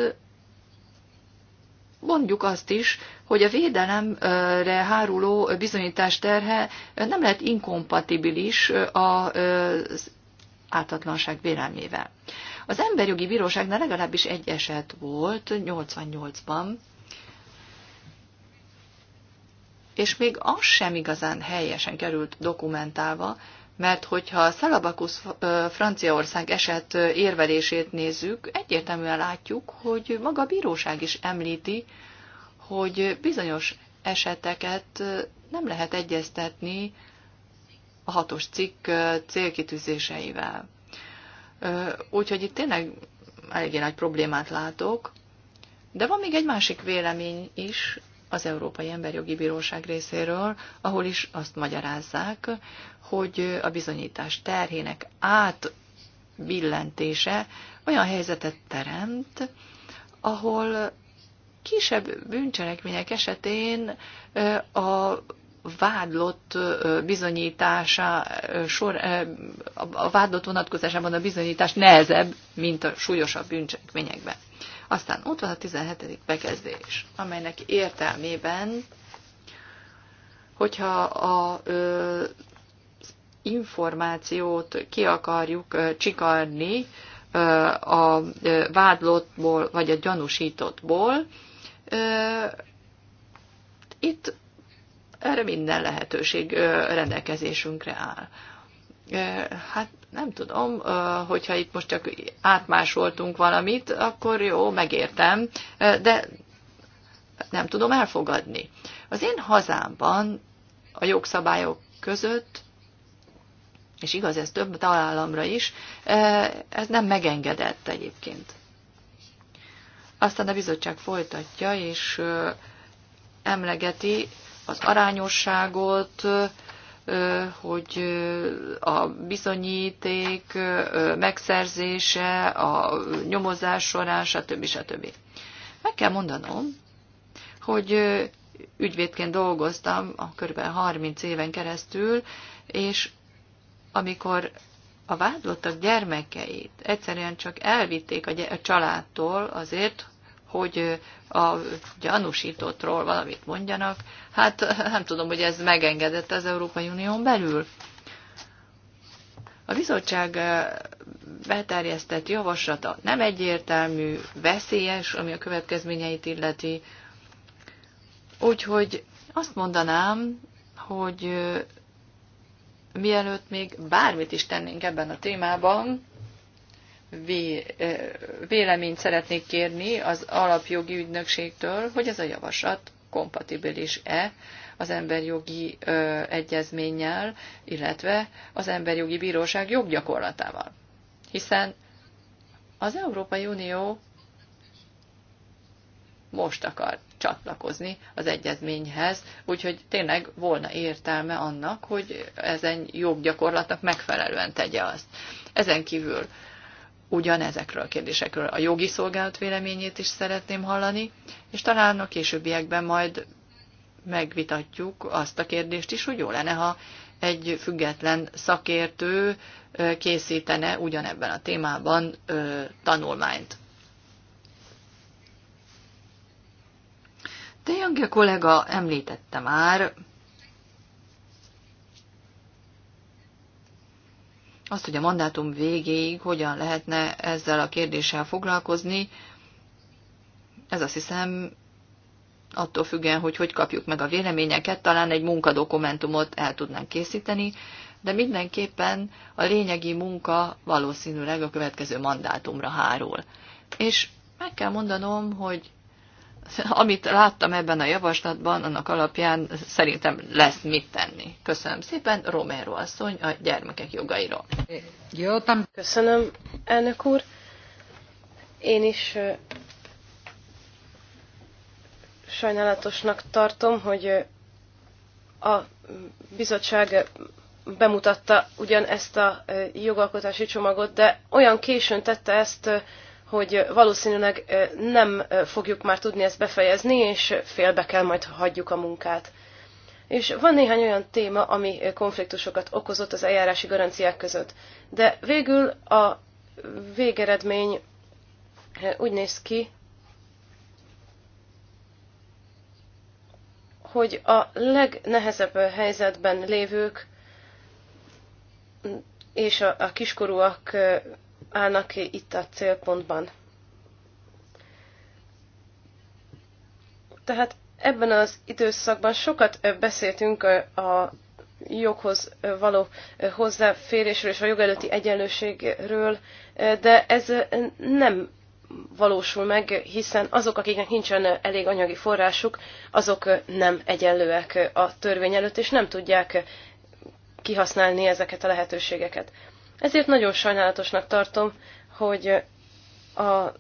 mondjuk azt is, hogy a védelemre háruló bizonyítás terhe nem lehet inkompatibilis az ártatlanság vélelmével. Az emberjogi bíróságnál legalábbis egy eset volt 88-ban, és még az sem igazán helyesen került dokumentálva, mert hogyha a Szalabakusz Franciaország eset érvelését nézzük, egyértelműen látjuk, hogy maga a bíróság is említi, hogy bizonyos eseteket nem lehet egyeztetni a hatos cikk célkitűzéseivel. Úgyhogy itt tényleg eléggé nagy problémát látok, de van még egy másik vélemény is, az Európai Emberjogi Bíróság részéről, ahol is azt magyarázzák, hogy a bizonyítás terhének átbillentése olyan helyzetet teremt, ahol kisebb bűncselekmények esetén a vádlott bizonyítása, sor, a vádlott vonatkozásában a bizonyítás nehezebb, mint a súlyosabb bűncselekményekben. Aztán ott van a 17. bekezdés, amelynek értelmében, hogyha a ö, információt ki akarjuk ö, csikarni ö, a ö, vádlottból vagy a gyanúsítottból, ö, itt erre minden lehetőség rendelkezésünkre áll. Hát nem tudom, hogyha itt most csak átmásoltunk valamit, akkor jó, megértem, de nem tudom elfogadni. Az én hazámban a jogszabályok között, és igaz, ez több találamra is, ez nem megengedett egyébként. Aztán a bizottság folytatja, és emlegeti az arányosságot, hogy a bizonyíték megszerzése, a nyomozás során, stb. stb. Meg kell mondanom, hogy ügyvédként dolgoztam a kb. 30 éven keresztül, és amikor a vádlottak gyermekeit egyszerűen csak elvitték a, gy- a családtól azért, hogy a gyanúsítottról valamit mondjanak. Hát nem tudom, hogy ez megengedett az Európai Unión belül. A bizottság eh, beterjesztett javaslata nem egyértelmű, veszélyes, ami a következményeit illeti. Úgyhogy azt mondanám, hogy eh, mielőtt még bármit is tennénk ebben a témában, véleményt szeretnék kérni az alapjogi ügynökségtől, hogy ez a javaslat kompatibilis-e az emberjogi egyezménnyel, illetve az emberjogi bíróság joggyakorlatával. Hiszen az Európai Unió most akar csatlakozni az egyezményhez, úgyhogy tényleg volna értelme annak, hogy ezen joggyakorlatnak megfelelően tegye azt. Ezen kívül ugyanezekről a kérdésekről. A jogi szolgálat véleményét is szeretném hallani, és talán a későbbiekben majd megvitatjuk azt a kérdést is, hogy jó lenne, ha egy független szakértő készítene ugyanebben a témában tanulmányt. De Jange kollega említette már, azt, hogy a mandátum végéig hogyan lehetne ezzel a kérdéssel foglalkozni, ez azt hiszem attól függően, hogy hogy kapjuk meg a véleményeket, talán egy munkadokumentumot el tudnánk készíteni, de mindenképpen a lényegi munka valószínűleg a következő mandátumra hárul. És meg kell mondanom, hogy amit láttam ebben a javaslatban, annak alapján szerintem lesz mit tenni. Köszönöm szépen, Romero asszony a gyermekek jogairól. Jó, tam. Köszönöm, elnök úr. Én is sajnálatosnak tartom, hogy a bizottság bemutatta ugyan ezt a jogalkotási csomagot, de olyan későn tette ezt, hogy valószínűleg nem fogjuk már tudni ezt befejezni, és félbe kell majd hagyjuk a munkát. És van néhány olyan téma, ami konfliktusokat okozott az eljárási garanciák között. De végül a végeredmény úgy néz ki, hogy a legnehezebb helyzetben lévők és a, a kiskorúak állnak itt a célpontban. Tehát ebben az időszakban sokat beszéltünk a joghoz való hozzáférésről és a jogelőtti egyenlőségről, de ez nem valósul meg, hiszen azok, akiknek nincsen elég anyagi forrásuk, azok nem egyenlőek a törvény előtt, és nem tudják kihasználni ezeket a lehetőségeket. Ezért nagyon sajnálatosnak tartom, hogy a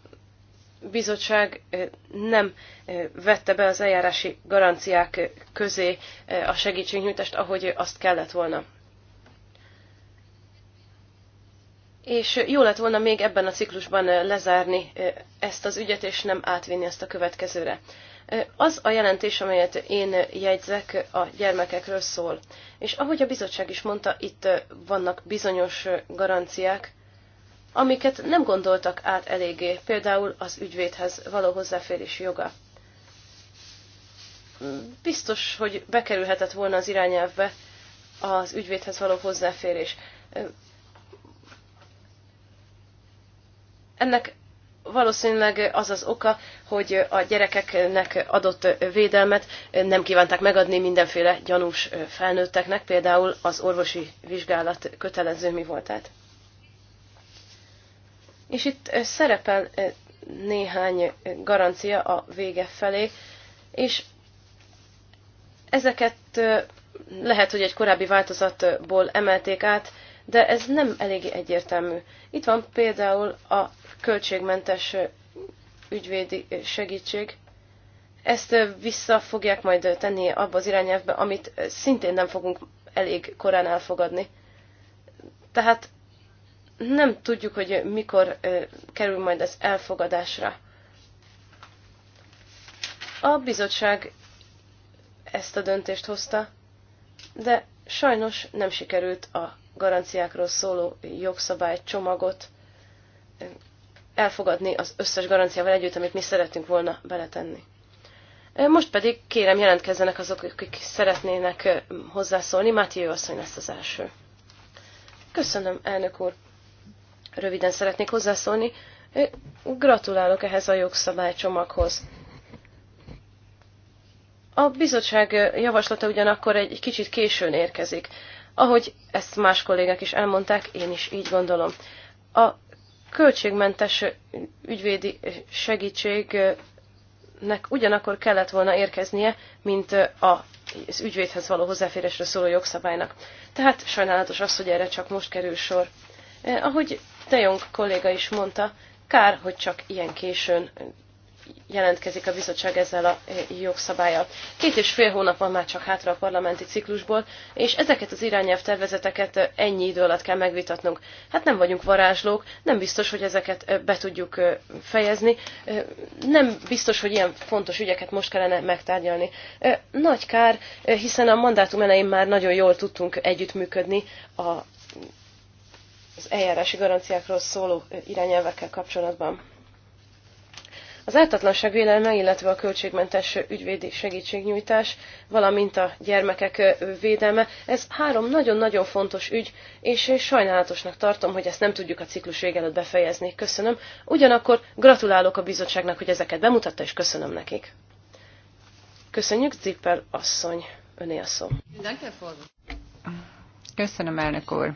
bizottság nem vette be az eljárási garanciák közé a segítségnyújtást, ahogy azt kellett volna. És jó lett volna még ebben a ciklusban lezárni ezt az ügyet, és nem átvinni ezt a következőre. Az a jelentés, amelyet én jegyzek, a gyermekekről szól. És ahogy a bizottság is mondta, itt vannak bizonyos garanciák, amiket nem gondoltak át eléggé, például az ügyvédhez való hozzáférési joga. Biztos, hogy bekerülhetett volna az irányelvbe az ügyvédhez való hozzáférés. Ennek valószínűleg az az oka, hogy a gyerekeknek adott védelmet nem kívánták megadni mindenféle gyanús felnőtteknek, például az orvosi vizsgálat kötelező mi voltát. És itt szerepel néhány garancia a vége felé, és ezeket lehet, hogy egy korábbi változatból emelték át, de ez nem elég egyértelmű. Itt van például a költségmentes ügyvédi segítség. Ezt vissza fogják majd tenni abba az irányelvbe, amit szintén nem fogunk elég korán elfogadni. Tehát nem tudjuk, hogy mikor kerül majd ez elfogadásra. A bizottság ezt a döntést hozta, de sajnos nem sikerült a garanciákról szóló csomagot elfogadni az összes garanciával együtt, amit mi szeretünk volna beletenni. Most pedig kérem jelentkezzenek azok, akik szeretnének hozzászólni. Mátyő asszony lesz az első. Köszönöm, elnök úr. Röviden szeretnék hozzászólni. Gratulálok ehhez a jogszabálycsomaghoz. A bizottság javaslata ugyanakkor egy kicsit későn érkezik. Ahogy ezt más kollégák is elmondták, én is így gondolom. A költségmentes ügyvédi segítségnek ugyanakkor kellett volna érkeznie, mint az ügyvédhez való hozzáférésre szóló jogszabálynak. Tehát sajnálatos az, hogy erre csak most kerül sor. Eh, ahogy tejong kolléga is mondta, kár, hogy csak ilyen későn jelentkezik a bizottság ezzel a e, jogszabályal. Két és fél hónap van már csak hátra a parlamenti ciklusból, és ezeket az irányelv tervezeteket e, ennyi idő alatt kell megvitatnunk. Hát nem vagyunk varázslók, nem biztos, hogy ezeket e, be tudjuk fejezni, nem biztos, hogy ilyen fontos ügyeket most kellene megtárgyalni. Nagy kár, hiszen a mandátum elején már nagyon jól tudtunk együttműködni a az eljárási garanciákról szóló irányelvekkel kapcsolatban. Az ártatlanság védelme, illetve a költségmentes ügyvédi segítségnyújtás, valamint a gyermekek védelme, ez három nagyon-nagyon fontos ügy, és sajnálatosnak tartom, hogy ezt nem tudjuk a ciklus vége előtt befejezni. Köszönöm. Ugyanakkor gratulálok a bizottságnak, hogy ezeket bemutatta, és köszönöm nekik. Köszönjük, Zipper asszony. Öné a szó. Köszönöm, elnök úr.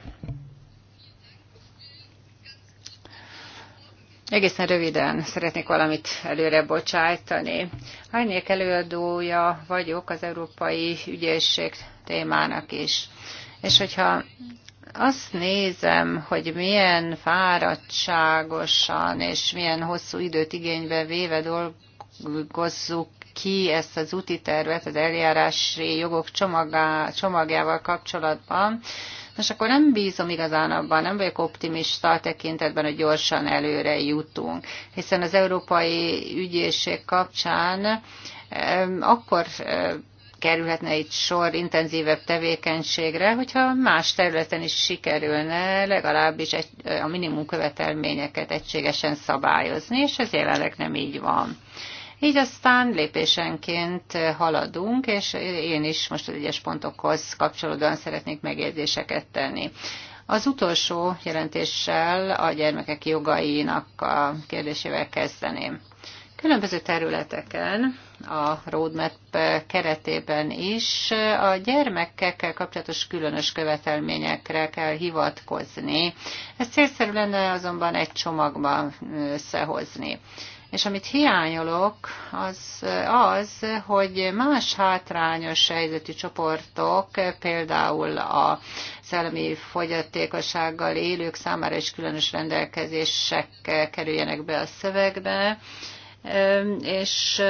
Egészen röviden szeretnék valamit előre bocsájtani. Hányék előadója vagyok az Európai Ügyészség témának is. És hogyha azt nézem, hogy milyen fáradtságosan és milyen hosszú időt igénybe véve dolgozzuk ki ezt az úti tervet az eljárási jogok csomagá, csomagjával kapcsolatban, Nos, akkor nem bízom igazán abban, nem vagyok optimista a tekintetben, hogy gyorsan előre jutunk, hiszen az európai ügyészség kapcsán akkor kerülhetne itt sor intenzívebb tevékenységre, hogyha más területen is sikerülne legalábbis egy, a minimum követelményeket egységesen szabályozni, és ez jelenleg nem így van. Így aztán lépésenként haladunk, és én is most az egyes pontokhoz kapcsolódóan szeretnék megjegyzéseket tenni. Az utolsó jelentéssel a gyermekek jogainak a kérdésével kezdeném. Különböző területeken, a roadmap keretében is a gyermekekkel kapcsolatos különös követelményekre kell hivatkozni. Ez célszerű lenne azonban egy csomagban összehozni. És amit hiányolok, az az, hogy más hátrányos helyzetű csoportok, például a szellemi fogyatékossággal élők számára is különös rendelkezések kerüljenek be a szövegbe, és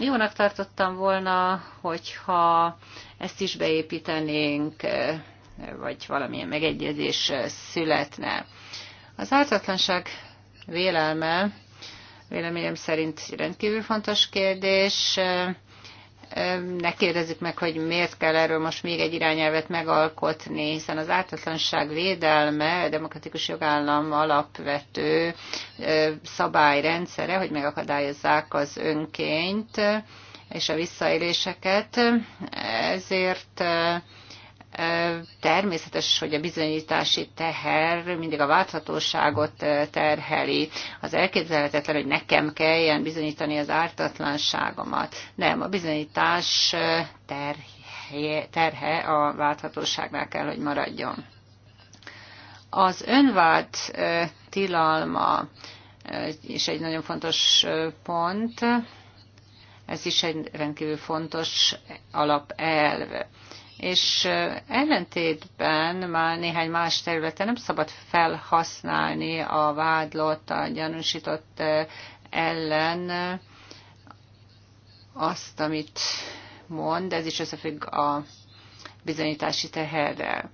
jónak tartottam volna, hogyha ezt is beépítenénk, vagy valamilyen megegyezés születne. Az ártatlanság vélelme Véleményem szerint rendkívül fontos kérdés. Ne kérdezzük meg, hogy miért kell erről most még egy irányelvet megalkotni, hiszen az ártatlanság védelme a demokratikus jogállam alapvető szabályrendszere, hogy megakadályozzák az önkényt és a visszaéléseket. Ezért Természetes, hogy a bizonyítási teher mindig a válthatóságot terheli. Az elképzelhetetlen, hogy nekem kelljen bizonyítani az ártatlanságomat. Nem, a bizonyítás terhe, a válthatóságnál kell, hogy maradjon. Az önvált tilalma is egy nagyon fontos pont. Ez is egy rendkívül fontos alapelv és ellentétben már néhány más területen nem szabad felhasználni a vádlott, a gyanúsított ellen azt, amit mond, ez is összefügg a bizonyítási teherrel.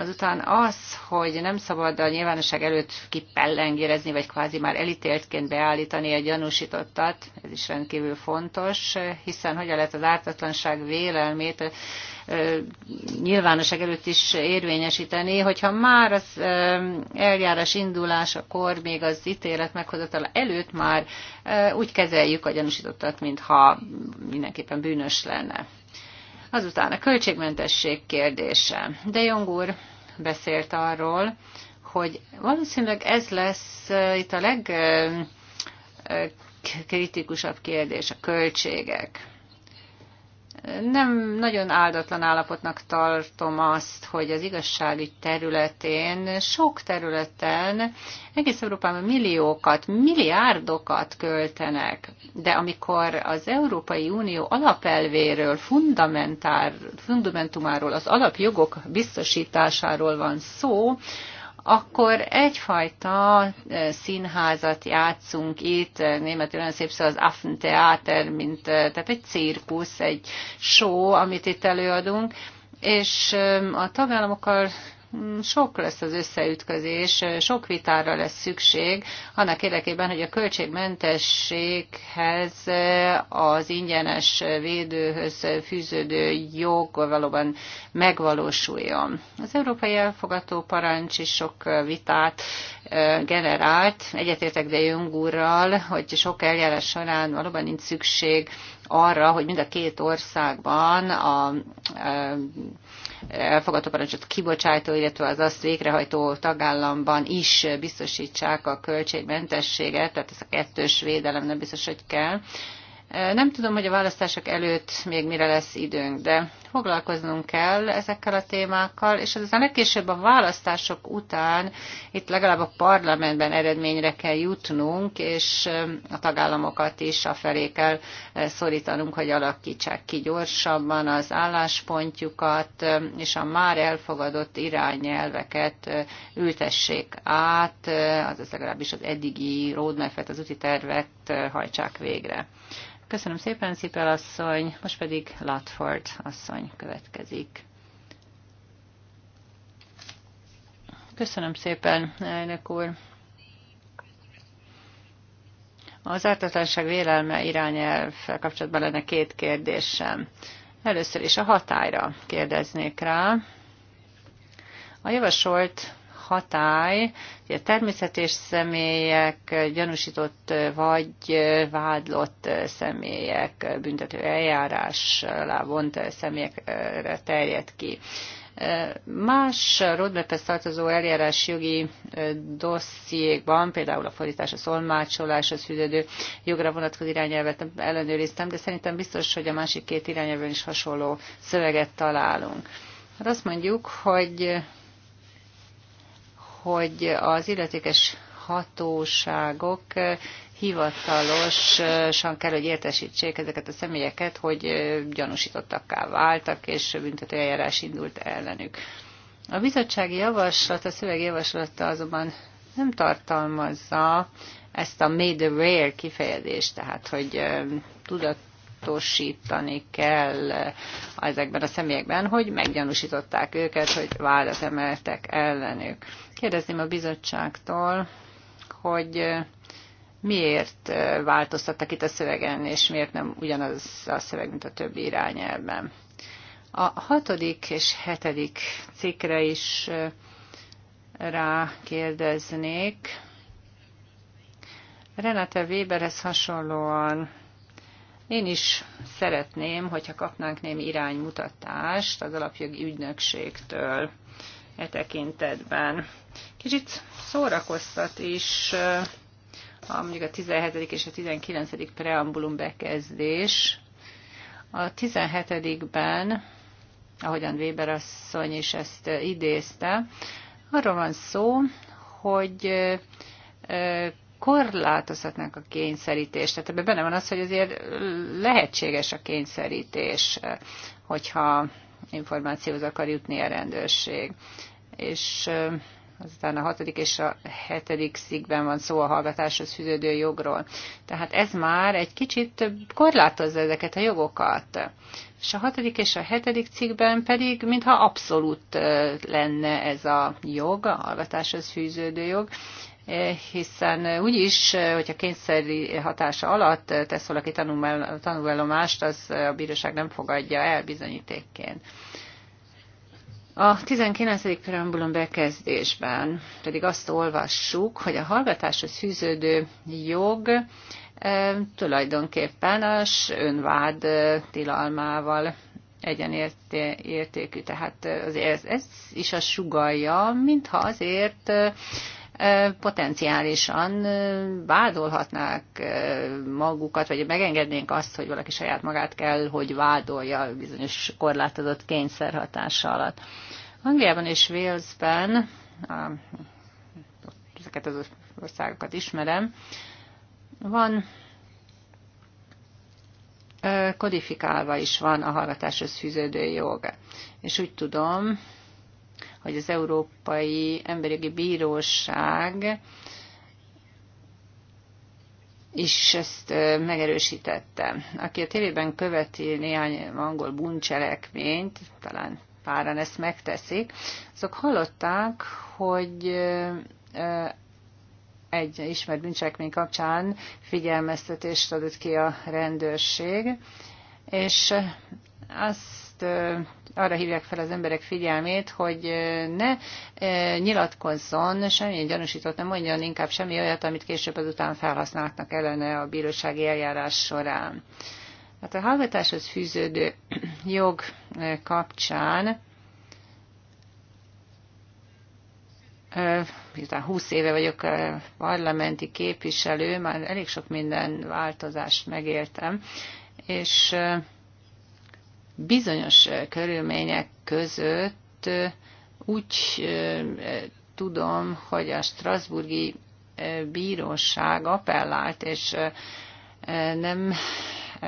Azután az, hogy nem szabad a nyilvánosság előtt kipellengérezni, vagy kvázi már elítéltként beállítani a gyanúsítottat, ez is rendkívül fontos, hiszen hogyan lehet az ártatlanság vélelmét nyilvánosság előtt is érvényesíteni, hogyha már az eljárás indulásakor, még az ítélet meghozatala előtt már úgy kezeljük a gyanúsítottat, mintha mindenképpen bűnös lenne. Azután a költségmentesség kérdése. De Jong úr beszélt arról, hogy valószínűleg ez lesz eh, itt a legkritikusabb eh, eh, kérdés, a költségek nem nagyon áldatlan állapotnak tartom azt, hogy az igazságügy területén, sok területen egész Európában milliókat, milliárdokat költenek, de amikor az Európai Unió alapelvéről, fundamentumáról, az alapjogok biztosításáról van szó, akkor egyfajta eh, színházat játszunk itt, eh, németül olyan szép szó az Affentheater, mint eh, tehát egy cirkusz, egy show, amit itt előadunk, és a tagállamokkal sok lesz az összeütközés, sok vitára lesz szükség, annak érdekében, hogy a költségmentességhez, az ingyenes védőhöz fűződő jog valóban megvalósuljon. Az európai elfogató parancs is sok vitát generált. Egyetértek de Jung úrral, hogy sok eljárás során valóban nincs szükség arra, hogy mind a két országban a elfogadó parancsot kibocsátó, illetve az azt végrehajtó tagállamban is biztosítsák a költségmentességet, tehát ez a kettős védelem nem biztos, hogy kell. Nem tudom, hogy a választások előtt még mire lesz időnk, de foglalkoznunk kell ezekkel a témákkal, és az a legkésőbb a választások után itt legalább a parlamentben eredményre kell jutnunk, és um, a tagállamokat is felé kell eh, szorítanunk, hogy alakítsák ki gyorsabban az álláspontjukat, um, és a már elfogadott irányelveket eh, ültessék át, eh, azaz legalábbis az eddigi roadmap-et, az úti tervet hajtsák végre. Köszönöm szépen, Szipel asszony, most pedig Latford asszony következik. Köszönöm szépen, elnök úr. Az ártatlanság vélelme irányelvvel kapcsolatban lenne két kérdésem. Először is a hatályra kérdeznék rá. A javasolt hatály, ugye természetes személyek, gyanúsított vagy vádlott személyek, büntető eljárás vont személyekre terjed ki. Más roadmap tartozó eljárás jogi dossziékban, például a fordítás, a szolmácsolás, az fűződő jogra vonatkozó irányelvet ellenőriztem, de szerintem biztos, hogy a másik két irányelven is hasonló szöveget találunk. Hát azt mondjuk, hogy hogy az illetékes hatóságok eh, hivatalosan kell, hogy értesítsék ezeket a személyeket, hogy eh, gyanúsítottakká váltak, és büntetőeljárás indult ellenük. A bizottsági javaslat, a szövegjavaslata azonban nem tartalmazza ezt a made aware kifejezést, tehát hogy eh, tudat, tudatosítani kell ezekben a személyekben, hogy meggyanúsították őket, hogy vádat emeltek ellenük. Kérdezném a bizottságtól, hogy miért változtattak itt a szövegen, és miért nem ugyanaz a szöveg, mint a többi irányelben. A hatodik és hetedik cikkre is kérdeznék. Renate Weberhez hasonlóan én is szeretném, hogyha kapnánk némi iránymutatást az alapjogi ügynökségtől e tekintetben. Kicsit szórakoztat is a, mondjuk a 17. és a 19. preambulum bekezdés. A 17-ben, ahogyan Weber asszony is ezt idézte, arról van szó, hogy korlátozhatnánk a kényszerítést. Tehát ebben benne van az, hogy azért lehetséges a kényszerítés, hogyha információhoz akar jutni a rendőrség. És aztán a hatodik és a hetedik szigben van szó a hallgatáshoz fűződő jogról. Tehát ez már egy kicsit korlátozza ezeket a jogokat. És a hatodik és a hetedik cikkben pedig, mintha abszolút lenne ez a jog, a hallgatáshoz fűződő jog, hiszen úgyis, hogyha kényszeri hatása alatt tesz valaki tanulmányomást, az a bíróság nem fogadja el bizonyítékként. A 19. preambulum bekezdésben pedig azt olvassuk, hogy a hallgatáshoz fűződő jog e, tulajdonképpen az önvád eh, tilalmával egyenértékű. Tehát eh, ez, ez is a sugalja, mintha azért potenciálisan vádolhatnák magukat, vagy megengednénk azt, hogy valaki saját magát kell, hogy vádolja bizonyos korlátozott kényszer hatása alatt. Angliában és Walesben, a, ezeket az országokat ismerem, van kodifikálva is van a hallgatáshoz fűződő jog. És úgy tudom, hogy az Európai Emberjogi Bíróság is ezt megerősítette. Aki a tévében követi néhány angol buncselekményt, talán páran ezt megteszik, azok hallották, hogy egy ismert bűncselekmény kapcsán figyelmeztetést adott ki a rendőrség, és azt arra hívják fel az emberek figyelmét, hogy ne nyilatkozzon, semmilyen gyanúsított nem mondjon inkább semmi olyat, amit később azután felhasználnak ellene a bírósági eljárás során. Hát a hallgatáshoz fűződő jog kapcsán miután 20 éve vagyok parlamenti képviselő, már elég sok minden változást megéltem, és bizonyos körülmények között úgy tudom, hogy a Strasburgi bíróság appellált, és nem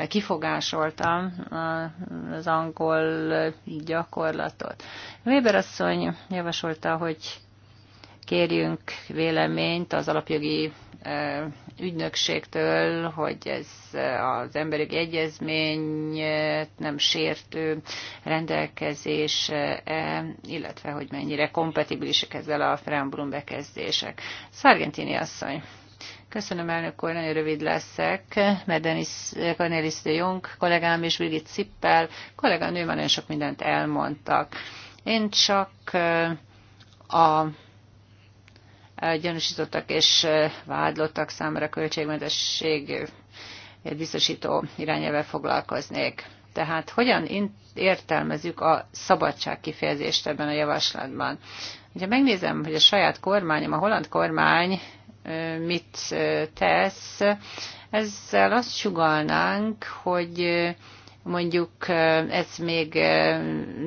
kifogásoltam az angol gyakorlatot. Weber asszony javasolta, hogy kérjünk véleményt az alapjogi ügynökségtől, hogy ez az emberi egyezmény nem sértő rendelkezés, -e, illetve hogy mennyire kompatibilisek ezzel a preambulum bekezdések. Szargentini asszony. Köszönöm, elnök úr, nagyon rövid leszek, mert Denis Cornelis de Jong kollégám és Brigitte Cippel kolléganő már nagyon sok mindent elmondtak. Én csak a gyanúsítottak és vádlottak számára költségmentesség biztosító irányelvel foglalkoznék. Tehát hogyan értelmezzük a szabadság kifejezést ebben a javaslatban? Ha megnézem, hogy a saját kormányom, a holland kormány mit tesz, ezzel azt sugalnánk, hogy mondjuk ez még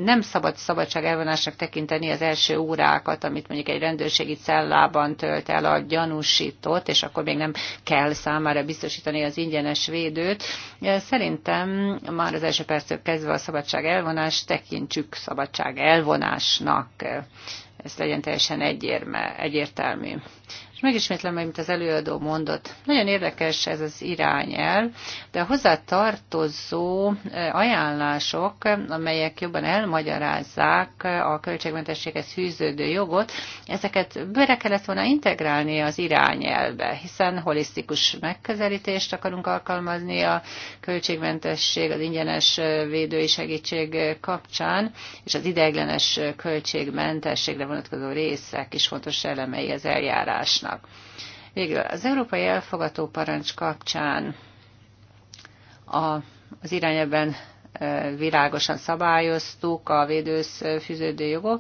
nem szabad szabadság elvonásnak tekinteni az első órákat, amit mondjuk egy rendőrségi cellában tölt el a gyanúsított, és akkor még nem kell számára biztosítani az ingyenes védőt. Szerintem már az első perctől kezdve a szabadság elvonás tekintsük szabadság elvonásnak. Ez legyen teljesen egyérme, egyértelmű. Megismétlem, amit az előadó mondott. Nagyon érdekes ez az irányelv, de a hozzá tartozó ajánlások, amelyek jobban elmagyarázzák a költségmentességhez hűződő jogot, ezeket bőre kellett volna integrálni az irányelbe, hiszen holisztikus megközelítést akarunk alkalmazni a költségmentesség, az ingyenes védői segítség kapcsán, és az ideiglenes költségmentességre vonatkozó részek is fontos elemei az eljárásnak vannak. Végül az európai elfogató parancs kapcsán a, az irányában világosan szabályoztuk a védősz fűződő jogok,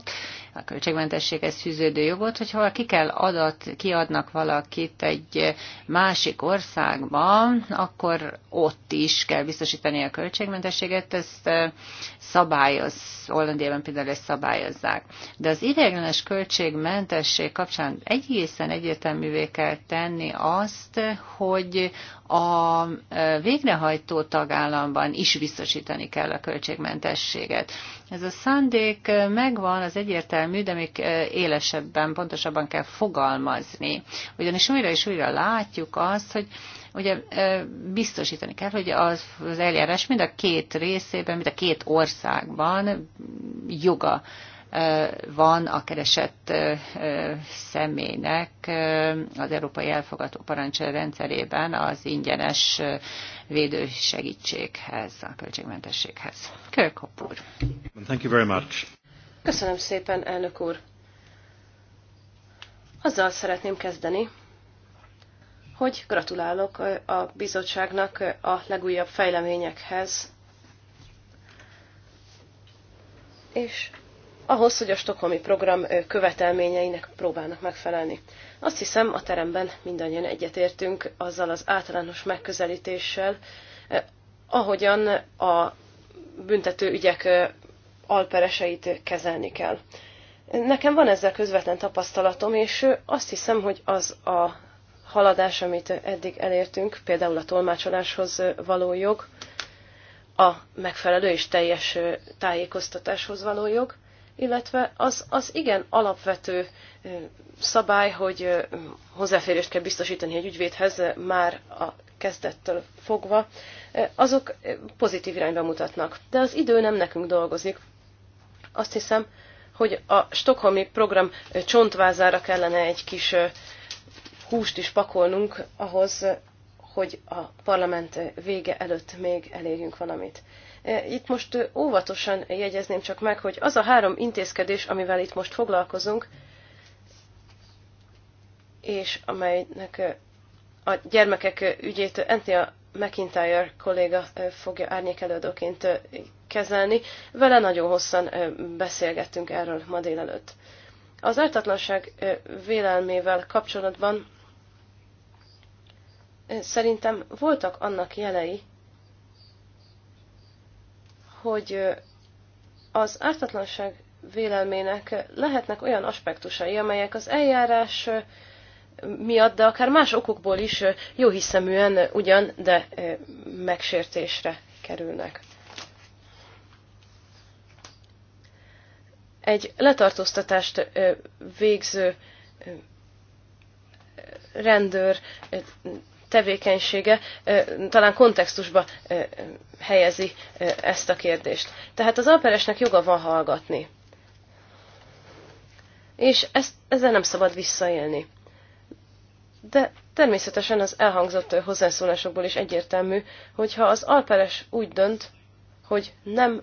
a költségmentességhez fűződő jogot, hogyha ki kell adat, kiadnak valakit egy másik országban, akkor ott is kell biztosítani a költségmentességet, ezt eh, szabályoz, Hollandiában például ezt szabályozzák. De az ideiglenes költségmentesség kapcsán egészen egyértelművé kell tenni azt, hogy a eh, végrehajtó tagállamban is biztosítani kell a költségmentességet. Ez a szándék megvan, az egyértelmű, de még eh, élesebben, pontosabban kell fogalmazni. Ugyanis újra és újra látjuk azt, hogy ugye eh, biztosítani kell, hogy az, az eljárás mind a két részében, mind a két országban joga van a keresett személynek az európai elfogadó parancs rendszerében az ingyenes védősegítséghez, a költségmentességhez. Kölkop úr. Thank you very much. Köszönöm szépen, elnök úr. Azzal szeretném kezdeni, hogy gratulálok a bizottságnak a legújabb fejleményekhez. És ahhoz, hogy a stokholmi program követelményeinek próbálnak megfelelni. Azt hiszem, a teremben mindannyian egyetértünk azzal az általános megközelítéssel, ahogyan a büntető ügyek alpereseit kezelni kell. Nekem van ezzel közvetlen tapasztalatom, és azt hiszem, hogy az a haladás, amit eddig elértünk, például a tolmácsoláshoz való jog, a megfelelő és teljes tájékoztatáshoz való jog, illetve az, az igen alapvető szabály, hogy hozzáférést kell biztosítani egy ügyvédhez már a kezdettől fogva, azok pozitív irányba mutatnak. De az idő nem nekünk dolgozik. Azt hiszem, hogy a stokholmi program csontvázára kellene egy kis húst is pakolnunk ahhoz, hogy a parlament vége előtt még elérjünk valamit. E, itt most óvatosan jegyezném csak meg, hogy az a három intézkedés, amivel itt most foglalkozunk, és amelynek a gyermekek ügyét Anthea McIntyre kolléga fogja árnyékelődőként kezelni. Vele nagyon hosszan beszélgettünk erről ma délelőtt. Az ártatlanság vélelmével kapcsolatban szerintem voltak annak jelei, hogy az ártatlanság vélelmének lehetnek olyan aspektusai, amelyek az eljárás miatt, de akár más okokból is jó hiszeműen ugyan, de megsértésre kerülnek. Egy letartóztatást végző rendőr tevékenysége talán kontextusba helyezi ezt a kérdést. Tehát az alperesnek joga van hallgatni. És ezt, ezzel nem szabad visszaélni. De természetesen az elhangzott hozzászólásokból is egyértelmű, hogyha az alperes úgy dönt, hogy nem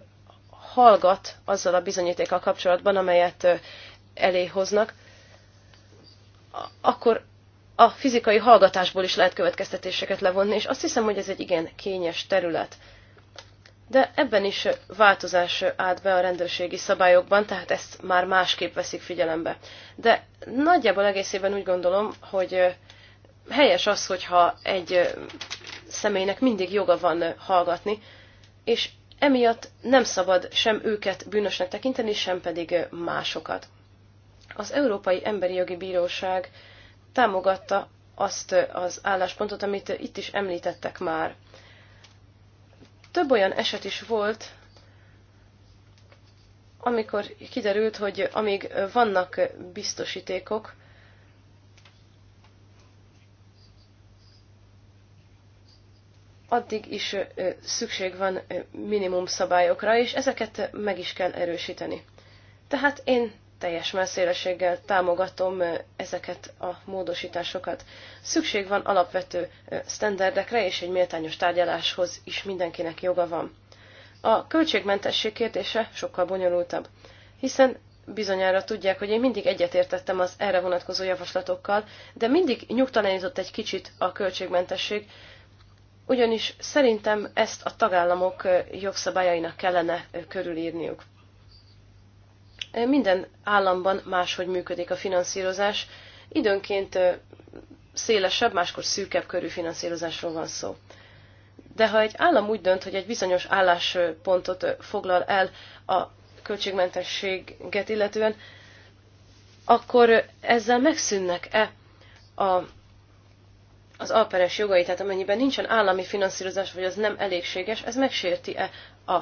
hallgat azzal a bizonyítékkal kapcsolatban, amelyet elé hoznak, akkor a fizikai hallgatásból is lehet következtetéseket levonni, és azt hiszem, hogy ez egy igen kényes terület. De ebben is változás állt be a rendőrségi szabályokban, tehát ezt már másképp veszik figyelembe. De nagyjából egészében úgy gondolom, hogy helyes az, hogyha egy személynek mindig joga van hallgatni, és emiatt nem szabad sem őket bűnösnek tekinteni, sem pedig másokat. Az Európai Emberi Jogi Bíróság támogatta azt az álláspontot, amit itt is említettek már. Több olyan eset is volt, amikor kiderült, hogy amíg vannak biztosítékok, addig is szükség van minimum szabályokra, és ezeket meg is kell erősíteni. Tehát én teljes messzélességgel támogatom ezeket a módosításokat. Szükség van alapvető sztenderdekre és egy méltányos tárgyaláshoz is mindenkinek joga van. A költségmentesség kérdése sokkal bonyolultabb, hiszen bizonyára tudják, hogy én mindig egyetértettem az erre vonatkozó javaslatokkal, de mindig nyugtalanított egy kicsit a költségmentesség, ugyanis szerintem ezt a tagállamok jogszabályainak kellene körülírniuk. Minden államban máshogy működik a finanszírozás. Időnként szélesebb, máskor szűkebb körű finanszírozásról van szó. De ha egy állam úgy dönt, hogy egy bizonyos álláspontot foglal el a költségmentességet illetően, akkor ezzel megszűnnek-e a, az alperes jogai, tehát amennyiben nincsen állami finanszírozás, vagy az nem elégséges, ez megsérti-e a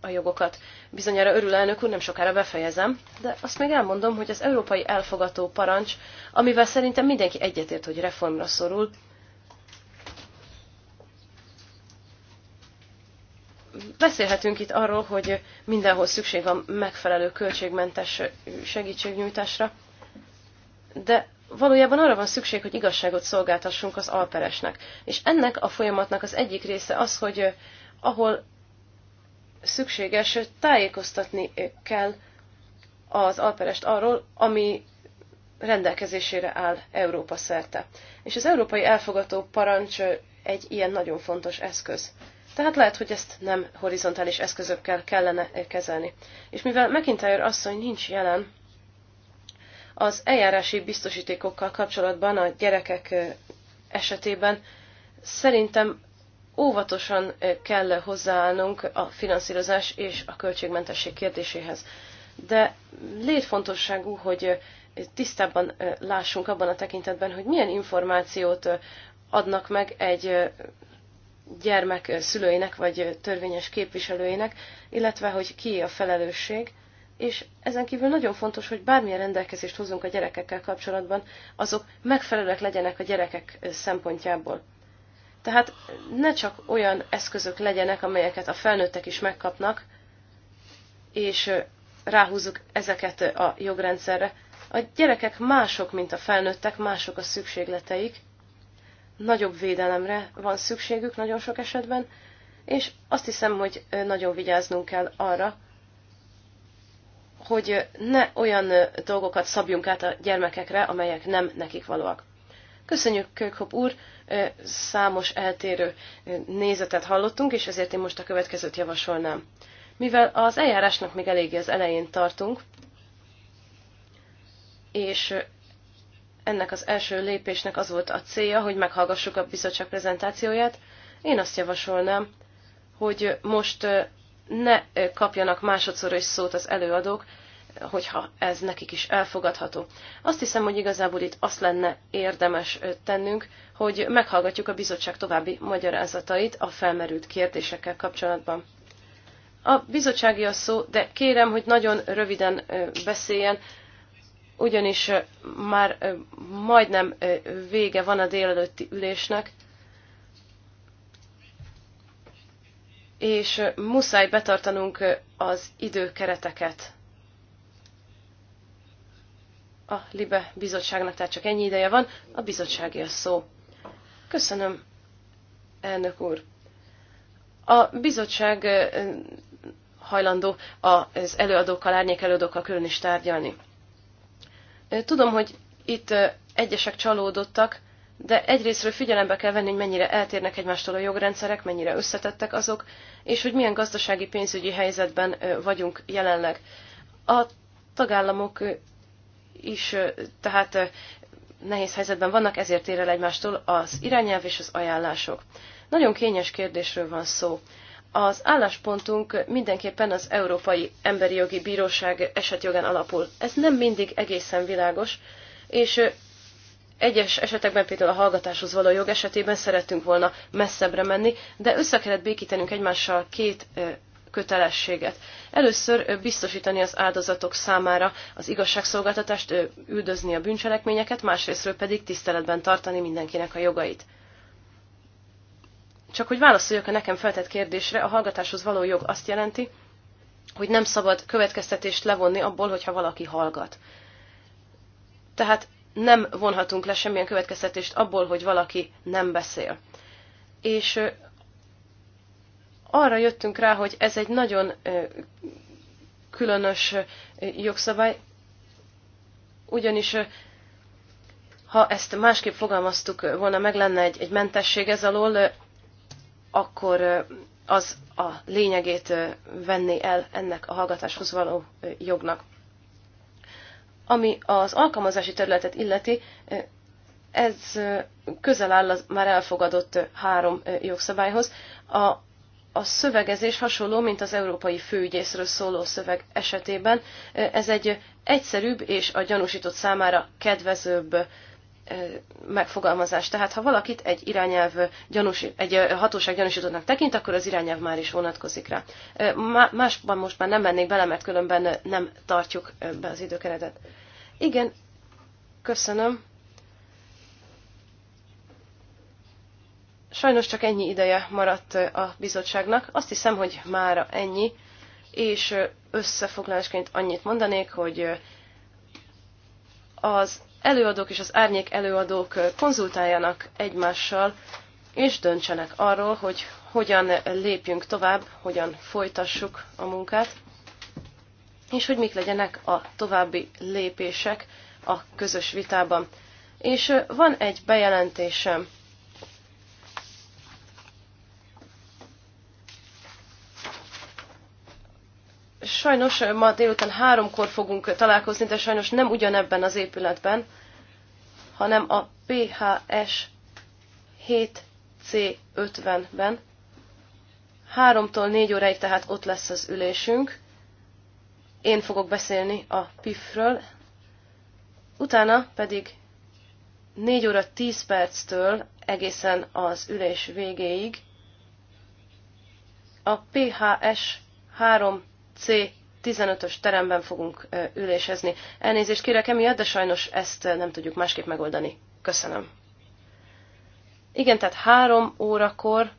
a jogokat. Bizonyára örül elnök úr, nem sokára befejezem, de azt még elmondom, hogy az európai elfogató parancs, amivel szerintem mindenki egyetért, hogy reformra szorul, beszélhetünk itt arról, hogy mindenhol szükség van megfelelő költségmentes segítségnyújtásra, de valójában arra van szükség, hogy igazságot szolgáltassunk az alperesnek. És ennek a folyamatnak az egyik része az, hogy eh, ahol szükséges, hogy tájékoztatni kell az alperest arról, ami rendelkezésére áll Európa szerte. És az európai elfogató parancs egy ilyen nagyon fontos eszköz. Tehát lehet, hogy ezt nem horizontális eszközökkel kellene kezelni. És mivel McIntyre asszony nincs jelen, az eljárási biztosítékokkal kapcsolatban a gyerekek esetében szerintem óvatosan kell hozzáállnunk a finanszírozás és a költségmentesség kérdéséhez. De létfontosságú, hogy tisztában lássunk abban a tekintetben, hogy milyen információt adnak meg egy gyermek szülőinek vagy törvényes képviselőinek, illetve hogy ki a felelősség, és ezen kívül nagyon fontos, hogy bármilyen rendelkezést hozunk a gyerekekkel kapcsolatban, azok megfelelőek legyenek a gyerekek szempontjából. Tehát ne csak olyan eszközök legyenek, amelyeket a felnőttek is megkapnak, és ráhúzzuk ezeket a jogrendszerre. A gyerekek mások, mint a felnőttek, mások a szükségleteik, nagyobb védelemre van szükségük nagyon sok esetben, és azt hiszem, hogy nagyon vigyáznunk kell arra, hogy ne olyan dolgokat szabjunk át a gyermekekre, amelyek nem nekik valóak. Köszönjük, Kőkhop úr! számos eltérő nézetet hallottunk, és ezért én most a következőt javasolnám. Mivel az eljárásnak még eléggé az elején tartunk, és ennek az első lépésnek az volt a célja, hogy meghallgassuk a bizottság prezentációját, én azt javasolnám, hogy most ne kapjanak másodszor is szót az előadók, hogyha ez nekik is elfogadható. Azt hiszem, hogy igazából itt azt lenne érdemes tennünk, hogy meghallgatjuk a bizottság további magyarázatait a felmerült kérdésekkel kapcsolatban. A bizottsági a szó, de kérem, hogy nagyon röviden beszéljen, ugyanis már majdnem vége van a délelőtti ülésnek, és muszáj betartanunk az időkereteket a Libe bizottságnak tehát csak ennyi ideje van, a bizottsági a szó. Köszönöm, elnök úr. A bizottság hajlandó az előadókkal, árnyék előadókkal külön is tárgyalni. Tudom, hogy itt egyesek csalódottak, de egyrésztről figyelembe kell venni, hogy mennyire eltérnek egymástól a jogrendszerek, mennyire összetettek azok, és hogy milyen gazdasági pénzügyi helyzetben vagyunk jelenleg. A tagállamok is, tehát nehéz helyzetben vannak, ezért ér el egymástól az irányelv és az ajánlások. Nagyon kényes kérdésről van szó. Az álláspontunk mindenképpen az Európai Emberi Jogi Bíróság esetjogán alapul. Ez nem mindig egészen világos, és egyes esetekben például a hallgatáshoz való jog esetében szerettünk volna messzebbre menni, de össze kellett békítenünk egymással két kötelességet. Először biztosítani az áldozatok számára az igazságszolgáltatást, üldözni a bűncselekményeket, másrésztről pedig tiszteletben tartani mindenkinek a jogait. Csak hogy válaszoljak a nekem feltett kérdésre, a hallgatáshoz való jog azt jelenti, hogy nem szabad következtetést levonni abból, hogyha valaki hallgat. Tehát nem vonhatunk le semmilyen következtetést abból, hogy valaki nem beszél. És arra jöttünk rá, hogy ez egy nagyon különös jogszabály, ugyanis ha ezt másképp fogalmaztuk volna, meg lenne egy, egy mentesség ez alól, akkor az a lényegét venné el ennek a hallgatáshoz való jognak. Ami az alkalmazási területet illeti, ez közel áll az már elfogadott három jogszabályhoz. A a szövegezés hasonló, mint az európai főügyészről szóló szöveg esetében. Ez egy egyszerűbb és a gyanúsított számára kedvezőbb megfogalmazás. Tehát ha valakit egy irányelv gyanús, egy hatóság gyanúsítottnak tekint, akkor az irányelv már is vonatkozik rá. Másban most már nem mennék bele, mert különben nem tartjuk be az időkeretet. Igen, köszönöm. Sajnos csak ennyi ideje maradt a bizottságnak. Azt hiszem, hogy mára ennyi, és összefoglalásként annyit mondanék, hogy az előadók és az árnyék előadók konzultáljanak egymással, és döntsenek arról, hogy hogyan lépjünk tovább, hogyan folytassuk a munkát, és hogy mik legyenek a további lépések a közös vitában. És van egy bejelentésem. Sajnos eh, ma délután háromkor fogunk találkozni, de sajnos nem ugyanebben az épületben, hanem a PHS 7C50-ben. Háromtól négy óráig tehát ott lesz az ülésünk. Én fogok beszélni a PIF-ről, utána pedig 4 óra 10 perctől egészen az ülés végéig a PHS 3 C15-ös teremben fogunk ülésezni. Elnézést kérek emiatt, de sajnos ezt nem tudjuk másképp megoldani. Köszönöm. Igen, tehát három órakor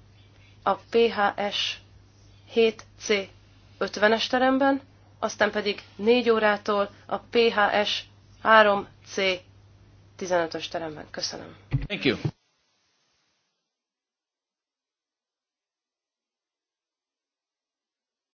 a PHS 7C 50-es teremben, aztán pedig 4 órától a PHS 3C 15-ös teremben. Köszönöm. Thank you.